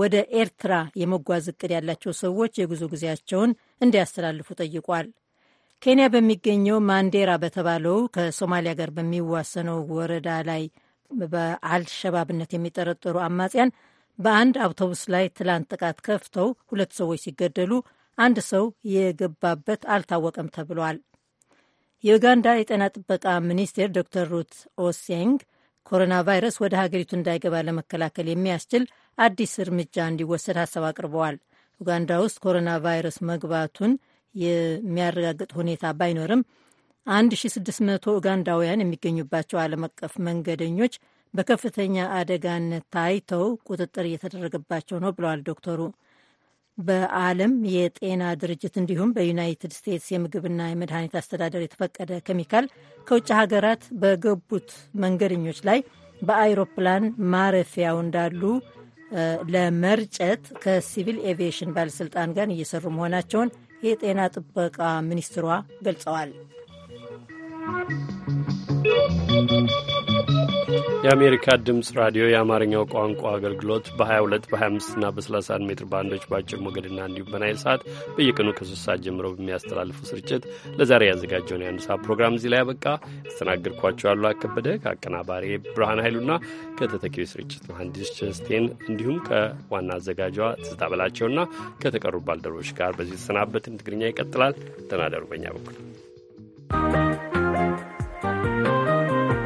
ወደ ኤርትራ የመጓዝ እቅድ ያላቸው ሰዎች የጉዞ ጊዜያቸውን እንዲያስተላልፉ ጠይቋል። ኬንያ በሚገኘው ማንዴራ በተባለው ከሶማሊያ ጋር በሚዋሰነው ወረዳ ላይ በአልሸባብነት የሚጠረጠሩ አማጽያን በአንድ አውቶቡስ ላይ ትላንት ጥቃት ከፍተው ሁለት ሰዎች ሲገደሉ አንድ ሰው የገባበት አልታወቀም ተብሏል። የኡጋንዳ የጤና ጥበቃ ሚኒስቴር ዶክተር ሩት ኦሴንግ ኮሮና ቫይረስ ወደ ሀገሪቱ እንዳይገባ ለመከላከል የሚያስችል አዲስ እርምጃ እንዲወሰድ ሀሳብ አቅርበዋል። ኡጋንዳ ውስጥ ኮሮና ቫይረስ መግባቱን የሚያረጋግጥ ሁኔታ ባይኖርም 1600 ኡጋንዳውያን የሚገኙባቸው ዓለም አቀፍ መንገደኞች በከፍተኛ አደጋነት ታይተው ቁጥጥር እየተደረገባቸው ነው ብለዋል ዶክተሩ። በዓለም የጤና ድርጅት እንዲሁም በዩናይትድ ስቴትስ የምግብና የመድኃኒት አስተዳደር የተፈቀደ ኬሚካል ከውጭ ሀገራት በገቡት መንገደኞች ላይ በአይሮፕላን ማረፊያው እንዳሉ ለመርጨት ከሲቪል ኤቪዬሽን ባለሥልጣን ጋር እየሰሩ መሆናቸውን የጤና ጥበቃ ሚኒስትሯ ገልጸዋል። የአሜሪካ ድምፅ ራዲዮ የአማርኛው ቋንቋ አገልግሎት በ22 በ25 እና በ31 ሜትር ባንዶች በአጭር ሞገድና እንዲሁም በናይል ሰዓት በየቀኑ ከሶስት ሰዓት ጀምሮ በሚያስተላልፉ ስርጭት ለዛሬ ያዘጋጀውን የአንድ ሰዓት ፕሮግራም እዚህ ላይ ያበቃ። ያስተናግድኳቸው ያሉ አከበደ ከአቀናባሪ ብርሃን ኃይሉና ከተተኪው ስርጭት መሐንዲስ ቸስቴን እንዲሁም ከዋና አዘጋጇ ትዝታ በላቸውና ከተቀሩ ባልደረቦች ጋር በዚህ ተሰናበትን። ትግርኛ ይቀጥላል። ተናደሩ በኛ በኩል Thank you.